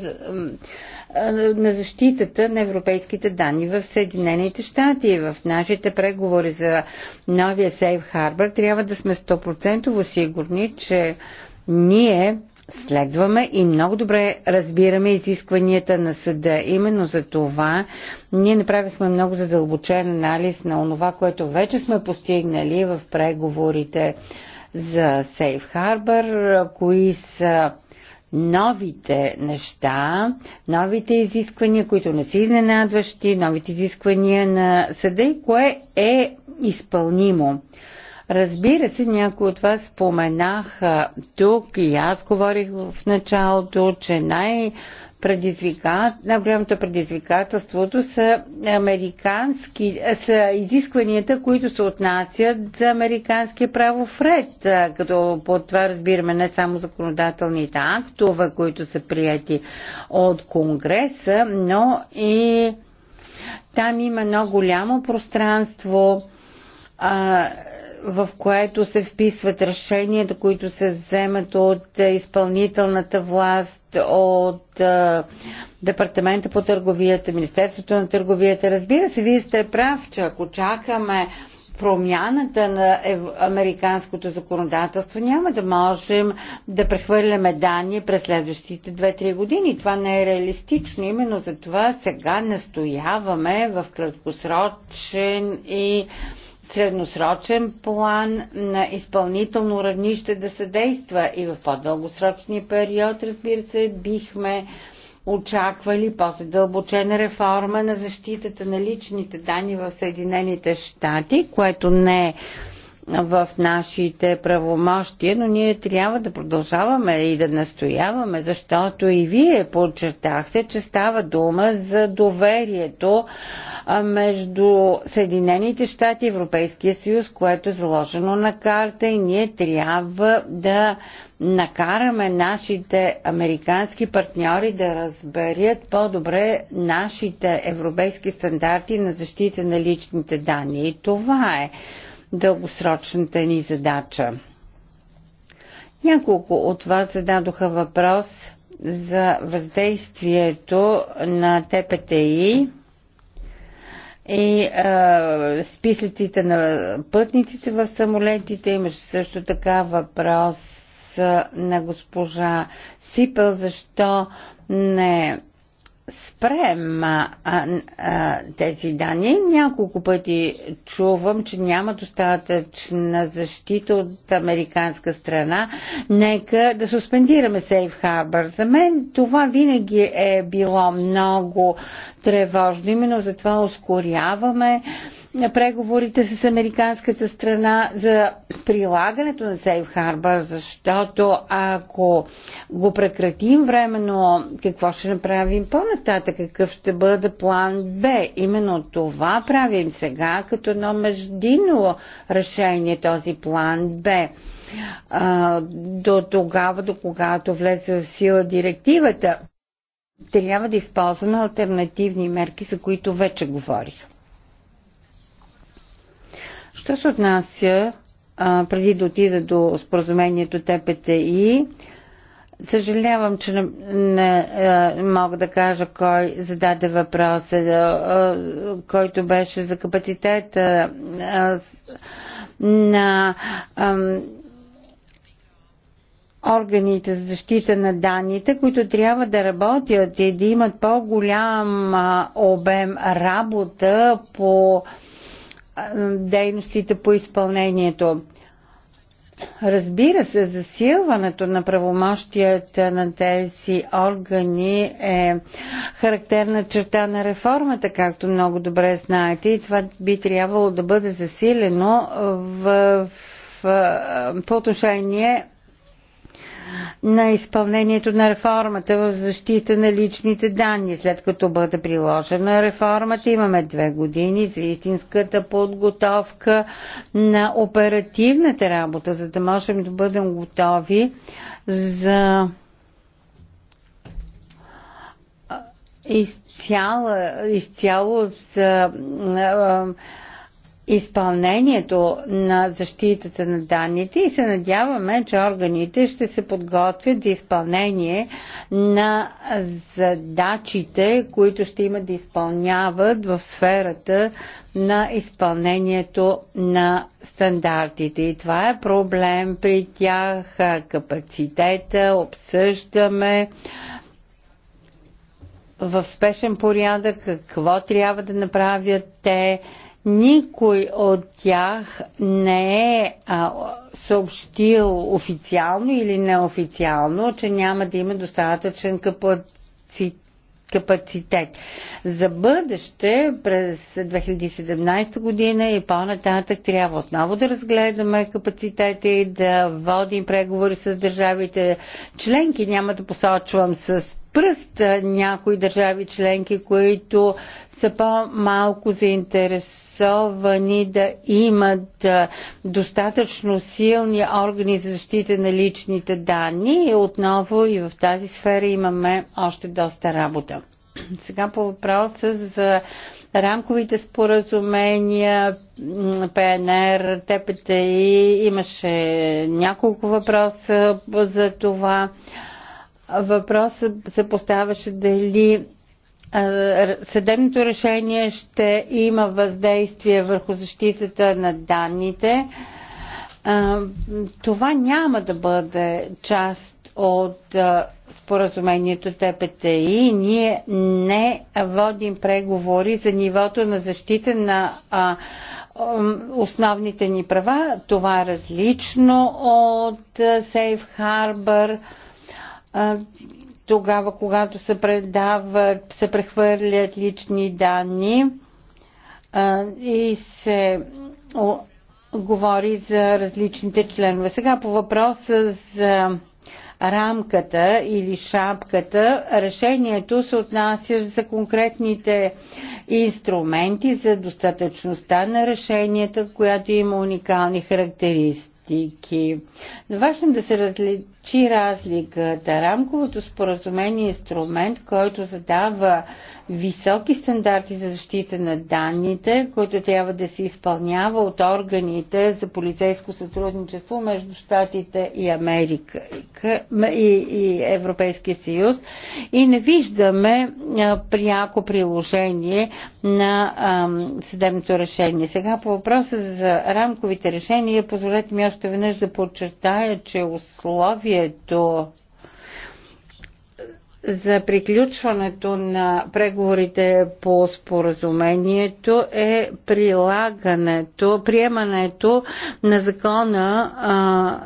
на защитата на европейските данни в Съединените щати и в нашите преговори за новия Сейф Харбър трябва да сме 100% сигурни, че ние следваме и много добре разбираме изискванията на съда. Именно за това ние направихме много задълбочен анализ на онова, което вече сме постигнали в преговорите за Сейф Харбър, кои са новите неща, новите изисквания, които не са изненадващи, новите изисквания на съда и кое е изпълнимо. Разбира се, някои от вас споменаха тук и аз говорих в началото, че най- предизвика... най-голямото предизвикателството са американски, са изискванията, които се отнасят за американския правов ред, като под това разбираме не само законодателните актове, които са прияти от Конгреса, но и там има много голямо пространство а, в което се вписват решенията, които се вземат от изпълнителната власт, от Департамента по търговията, Министерството на търговията. Разбира се, вие сте прав, че ако чакаме промяната на американското законодателство, няма да можем да прехвърляме данни през следващите 2-3 години. Това не е реалистично. Именно за това сега настояваме в краткосрочен и средносрочен план на изпълнително равнище да се действа и в по-дългосрочния период, разбира се, бихме очаквали по-задълбочена реформа на защитата на личните данни в Съединените щати, което не е в нашите правомощия, но ние трябва да продължаваме и да настояваме, защото и вие подчертахте, че става дума за доверието между Съединените щати и Европейския съюз, което е заложено на карта и ние трябва да накараме нашите американски партньори да разберат по-добре нашите европейски стандарти на защита на личните данни. И това е дългосрочната ни задача. Няколко от вас зададоха въпрос за въздействието на ТПТИ и а, списъците на пътниците в самолетите. Имаше също така въпрос на госпожа Сипел, защо не спрем а, а, тези данни. Няколко пъти чувам, че няма достатъчна защита от американска страна. Нека да суспендираме Сейф Harbor. За мен това винаги е било много тревожно. Именно затова ускоряваме а, преговорите с американската страна за прилагането на Сейф Harbor, защото ако го прекратим временно, какво ще направим по-нататък, какъв ще бъде план Б? Именно това правим сега като едно междинно решение, този план Б до тогава, до когато влезе в сила директивата, трябва да използваме альтернативни мерки, за които вече говорих. Що се отнася а, преди да отида до споразумението ТПТИ, Съжалявам, че не, не а, мога да кажа кой зададе въпроса, а, а, който беше за капацитета а, на а, органите за защита на данните, които трябва да работят и да имат по-голям обем работа по а, дейностите по изпълнението. Разбира се, засилването на правомощията на тези органи е характерна черта на реформата, както много добре знаете, и това би трябвало да бъде засилено в, в, по отношение на изпълнението на реформата в защита на личните данни. След като бъде приложена реформата, имаме две години за истинската подготовка на оперативната работа, за да можем да бъдем готови за изцяло, изцяло за изпълнението на защитата на данните и се надяваме, че органите ще се подготвят за изпълнение на задачите, които ще имат да изпълняват в сферата на изпълнението на стандартите. И това е проблем при тях, капацитета, обсъждаме в спешен порядък какво трябва да направят те, никой от тях не е а, съобщил официално или неофициално, че няма да има достатъчен капацитет капацитет. За бъдеще през 2017 година и по-нататък трябва отново да разгледаме капацитета и да водим преговори с държавите членки. Няма да посочвам с пръст някои държави членки, които са по-малко заинтересовани да имат достатъчно силни органи за защита на личните данни. И отново и в тази сфера имаме още доста работа. Сега по въпроса за рамковите споразумения, ПНР, ТПТИ, имаше няколко въпроса за това въпросът се поставяше дали е, съдебното решение ще има въздействие върху защитата на данните. Е, това няма да бъде част от е, споразумението ТПТИ. Ние не водим преговори за нивото на защита на основните ни права. Това е различно от Safe Harbor тогава, когато се предават, се прехвърлят лични данни и се говори за различните членове. Сега по въпроса за рамката или шапката, решението се отнася за конкретните инструменти, за достатъчността на решенията, която има уникални характеристики. Важно да се разли чи разликата. Рамковото споразумение е инструмент, който задава високи стандарти за защита на данните, които трябва да се изпълнява от органите за полицейско сътрудничество между Штатите и Америка и, и Европейския съюз. И не виждаме а, пряко приложение на а, съдебното решение. Сега по въпроса за рамковите решения, позволете ми още веднъж да подчертая, че условия условието за приключването на преговорите по споразумението е прилагането, приемането на закона а,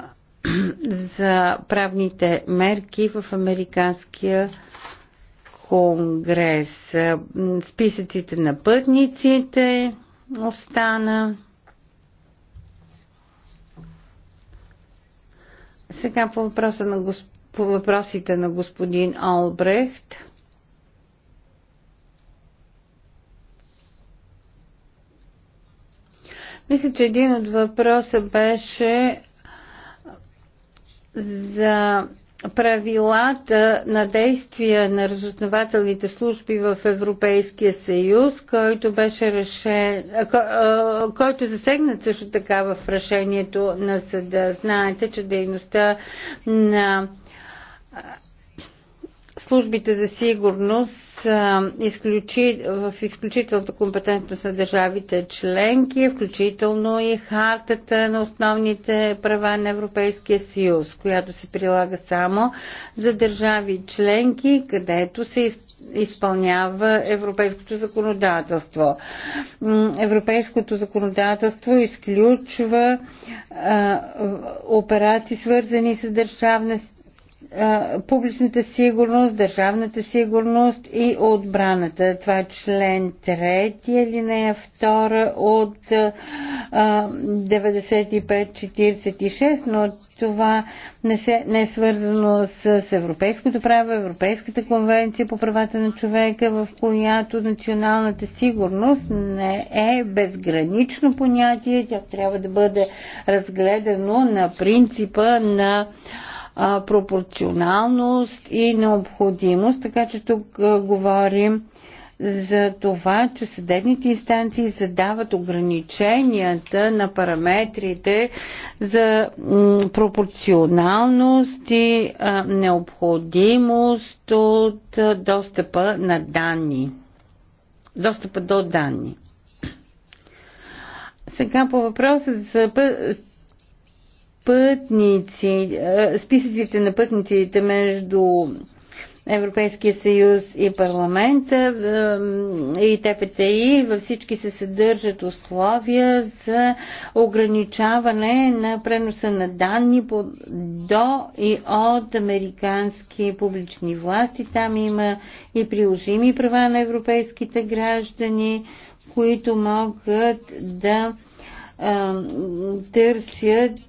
за правните мерки в Американския конгрес. Списъците на пътниците остана. Сега по, въпроса на госп... по въпросите на господин Олбрехт. Мисля, че един от въпроса беше за правилата на действия на разузнавателните служби в Европейския съюз, който беше решен, който е засегнат също така в решението на съда. Знаете, че дейността на службите за сигурност изключи, в изключителната компетентност на държавите членки, включително и хартата на основните права на Европейския съюз, която се прилага само за държави членки, където се изпълнява европейското законодателство. Европейското законодателство изключва а, операции, свързани с държавна публичната сигурност, държавната сигурност и отбраната. Това е член 3 или не е 2 от 95-46, но това не, се, не е свързано с европейското право, Европейската конвенция по правата на човека, в която националната сигурност не е безгранично понятие. Тя трябва да бъде разгледано на принципа на а, а, пропорционалност и необходимост, така че тук а, говорим за това, че съдебните инстанции задават ограниченията на параметрите за пропорционалност и а, необходимост от достъпа на данни. Достъпа до данни. Сега по въпроса за пътници, списъците на пътниците между Европейския съюз и парламента и ТПТИ във всички се съдържат условия за ограничаване на преноса на данни до и от американски публични власти. Там има и приложими права на европейските граждани, които могат да търсят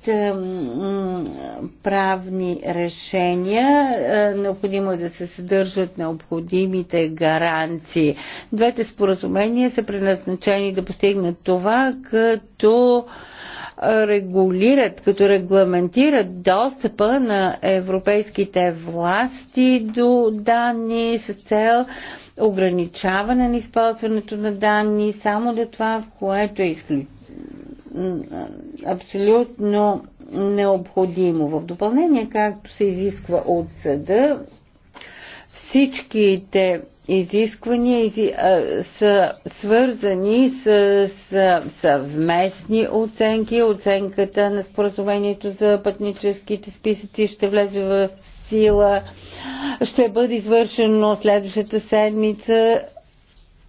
правни решения. Необходимо е да се съдържат необходимите гаранции. Двете споразумения са предназначени да постигнат това, като регулират, като регламентират достъпа на европейските власти до данни с цел ограничаване на използването на данни само до това, което е изключително абсолютно необходимо. В допълнение, както се изисква от съда, всичките изисквания изи, а, са свързани с, с съвместни оценки. Оценката на споразумението за пътническите списъци ще влезе в сила, ще бъде извършено следващата седмица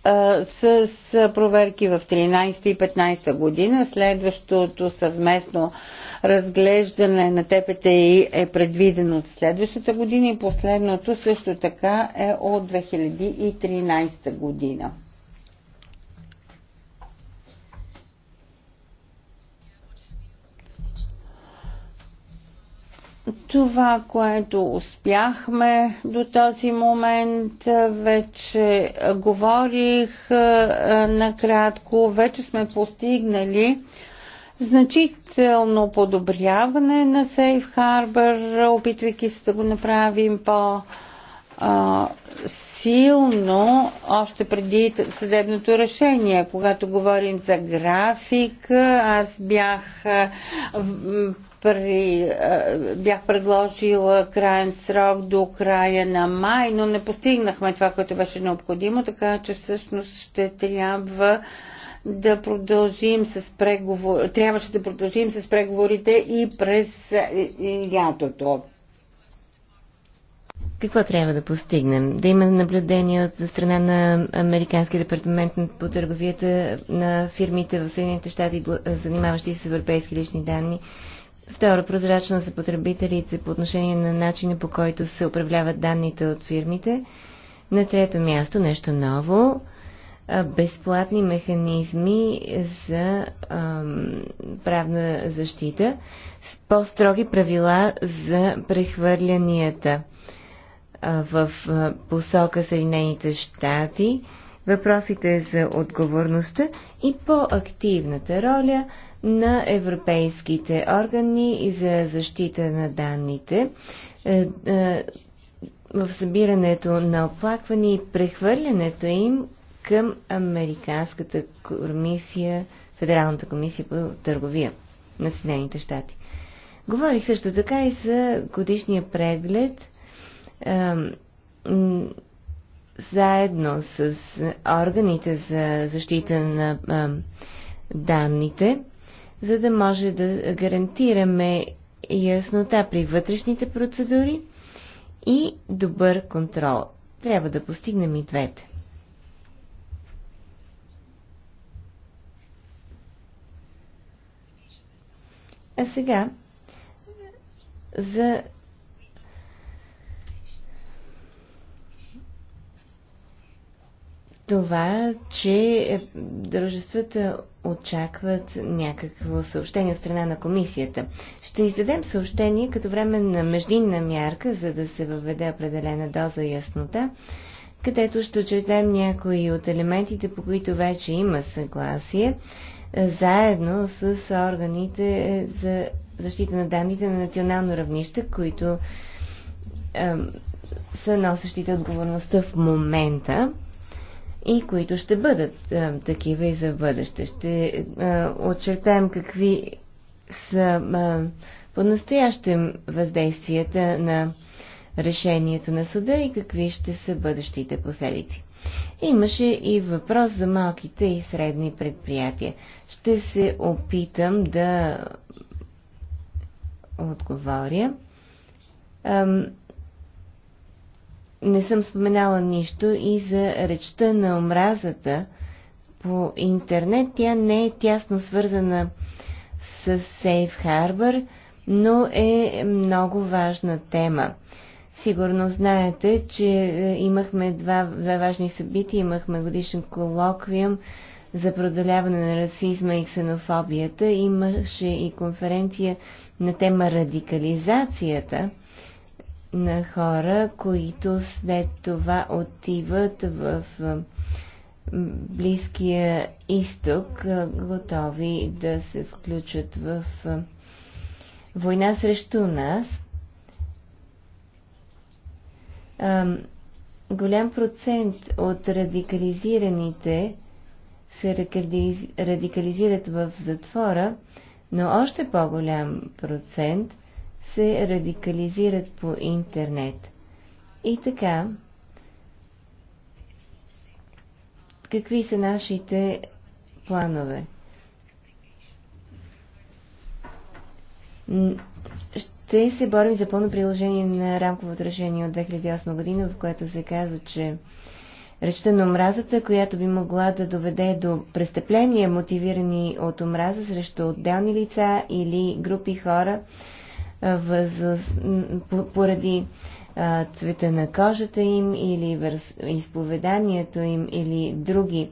с проверки в 13 и 15 година. Следващото съвместно разглеждане на ТПТ е предвидено от следващата година и последното също така е от 2013 година. Това, което успяхме до този момент, вече говорих е, е, накратко, вече сме постигнали значително подобряване на Safe Harbor, опитвайки се да го направим по- а, силно още преди съдебното решение. Когато говорим за график, аз бях, при, бях предложила крайен срок до края на май, но не постигнахме това, което беше необходимо, така че всъщност ще трябва да продължим с преговор... трябваше да продължим с преговорите и през лятото. Какво трябва да постигнем? Да има наблюдение от страна на Американски департамент по търговията на фирмите в Съединените щати, занимаващи се с европейски лични данни. Второ, прозрачно за потребителите по отношение на начина по който се управляват данните от фирмите. На трето място, нещо ново, безплатни механизми за ам, правна защита с по-строги правила за прехвърлянията в посока Съединените щати, въпросите за отговорността и по-активната роля на европейските органи и за защита на данните е, е, в събирането на оплаквания и прехвърлянето им към Американската комисия, Федералната комисия по търговия на Съединените щати. Говорих също така и за годишния преглед заедно с органите за защита на данните, за да може да гарантираме яснота при вътрешните процедури и добър контрол. Трябва да постигнем и двете. А сега за това, че е, дружествата очакват някакво съобщение от страна на комисията. Ще издадем съобщение като време на междинна мярка, за да се въведе определена доза яснота, където ще отчетем някои от елементите, по които вече има съгласие, заедно с органите за защита на данните на национално равнище, които е, са носещите отговорността в момента и които ще бъдат а, такива и за бъдеще. Ще а, очертаем какви са а, по-настоящем въздействията на решението на съда и какви ще са бъдещите последици. Имаше и въпрос за малките и средни предприятия. Ще се опитам да отговоря. Ам, не съм споменала нищо и за речта на омразата по интернет. Тя не е тясно свързана с Safe Harbor, но е много важна тема. Сигурно знаете, че е, имахме два, два важни събития. Имахме годишен колоквиум за продоляване на расизма и ксенофобията. Имаше и конференция на тема радикализацията – на хора, които след това отиват в Близкия изток, готови да се включат в война срещу нас. Голям процент от радикализираните се радикализират в затвора, но още по-голям процент се радикализират по интернет. И така, какви са нашите планове? Ще се борим за пълно приложение на рамково отражение от 2008 година, в което се казва, че речта на омразата, която би могла да доведе до престъпления, мотивирани от омраза срещу отделни лица или групи хора, въз, поради а, цвета на кожата им или върз, изповеданието им или други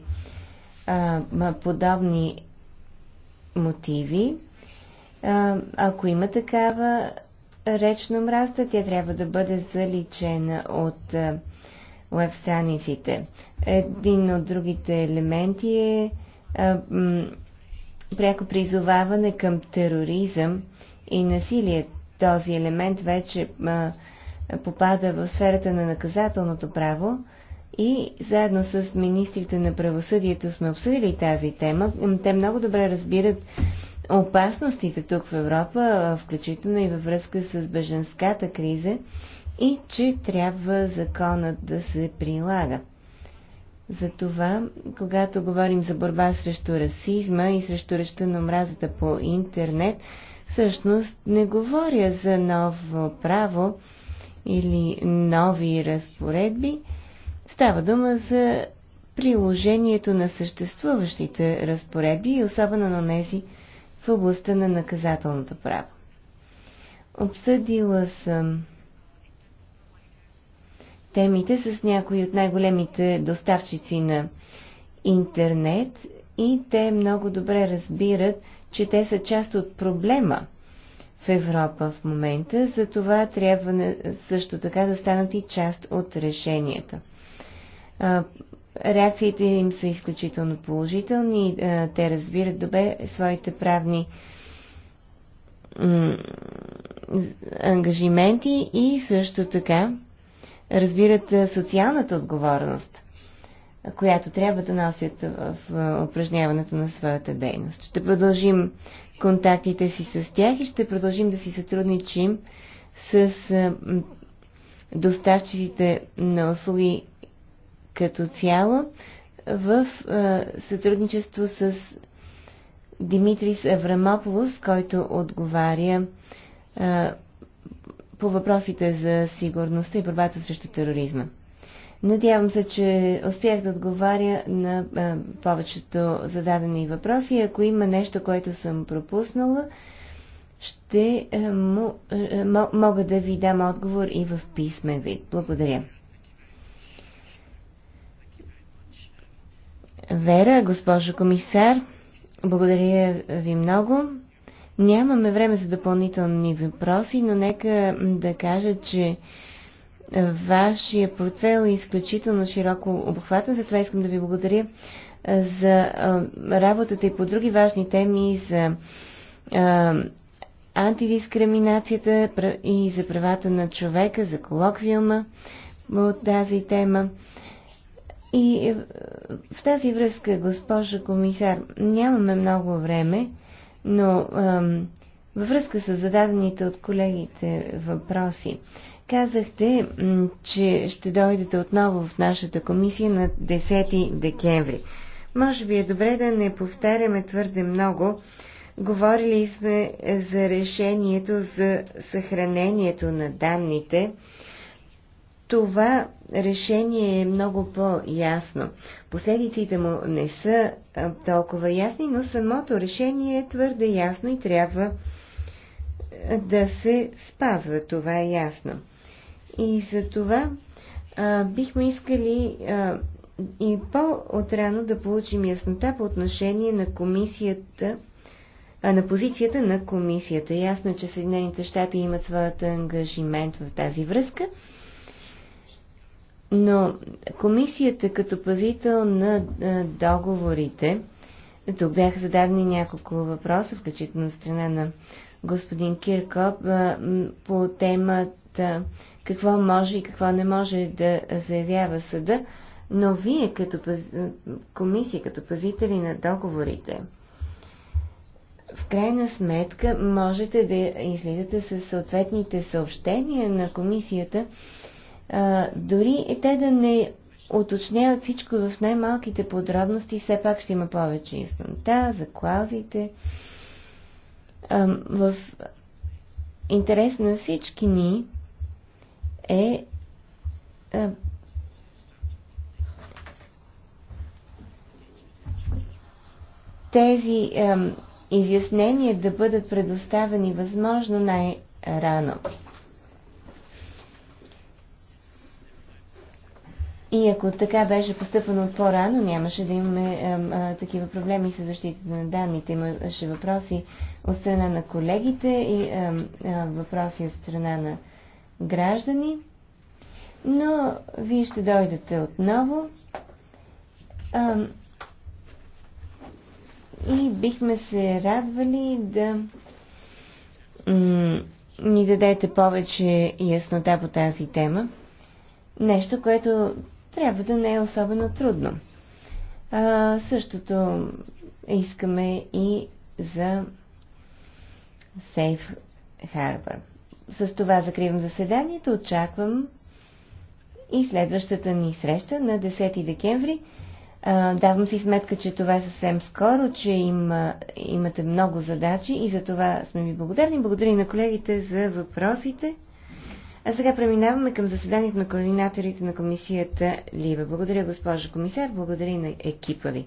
а, подобни мотиви. А, ако има такава реч на тя трябва да бъде заличена от веб страниците. Един от другите елементи е а, м, пряко призоваване към тероризъм и насилие. Този елемент вече а, попада в сферата на наказателното право и заедно с министрите на правосъдието сме обсъдили тази тема. Те много добре разбират опасностите тук в Европа, включително и във връзка с беженската криза и че трябва законът да се прилага. Затова, когато говорим за борба срещу расизма и срещу речта на омразата по интернет, Всъщност не говоря за ново право или нови разпоредби. Става дума за приложението на съществуващите разпоредби и особено на тези в областта на наказателното право. Обсъдила съм темите с някои от най-големите доставчици на интернет и те много добре разбират че те са част от проблема в Европа в момента, за това трябва също така да станат и част от решението. Реакциите им са изключително положителни, те разбират добре своите правни ангажименти и също така разбират социалната отговорност която трябва да носят в упражняването на своята дейност. Ще продължим контактите си с тях и ще продължим да си сътрудничим с доставчиците на услуги като цяло в сътрудничество с Димитрис Аврамополос, който отговаря по въпросите за сигурността и борбата срещу тероризма. Надявам се, че успях да отговаря на а, повечето зададени въпроси. Ако има нещо, което съм пропуснала, ще а, му, а, мога да ви дам отговор и в писмен вид. Благодаря. Вера, госпожо комисар, благодаря ви много. Нямаме време за допълнителни въпроси, но нека да кажа, че Вашия портфел е изключително широко обхватен, затова искам да ви благодаря за работата и по други важни теми, за антидискриминацията и за правата на човека, за колоквиума от тази тема. И в тази връзка, госпожа комисар, нямаме много време, но във връзка с зададените от колегите въпроси, Казахте, че ще дойдете отново в нашата комисия на 10 декември. Може би е добре да не повтаряме твърде много. Говорили сме за решението за съхранението на данните. Това решение е много по-ясно. Последиците му не са толкова ясни, но самото решение е твърде ясно и трябва да се спазва. Това е ясно. И за това а, бихме искали а, и по-отрано да получим яснота по отношение на комисията, а, на позицията на комисията. Ясно е, че Съединените щати имат своята ангажимент в тази връзка, но комисията като пазител на договорите, тук бяха зададени няколко въпроса, включително страна на господин Киркоп по темата какво може и какво не може да заявява съда, но вие като комисия, като пазители на договорите, в крайна сметка можете да излизате с съответните съобщения на комисията, дори и те да не уточняват всичко в най-малките подробности, все пак ще има повече яснота за клаузите, в интерес на всички ни е тези изяснения да бъдат предоставени възможно най-рано. И ако така беше постъпвано по-рано, нямаше да имаме а, а, такива проблеми с защитата на данните. Имаше въпроси от страна на колегите и а, а, въпроси от страна на граждани. Но вие ще дойдете отново. А, и бихме се радвали да ни дадете повече яснота по тази тема. Нещо, което трябва да не е особено трудно. А, същото искаме и за Safe Harbor. С това закривам заседанието. Очаквам и следващата ни среща на 10 декември. А, давам си сметка, че това е съвсем скоро, че има, имате много задачи и за това сме ви благодарни. Благодаря и на колегите за въпросите. А сега преминаваме към заседанието на координаторите на комисията Либе. Благодаря, госпожа комисар, благодаря и на екипа ви.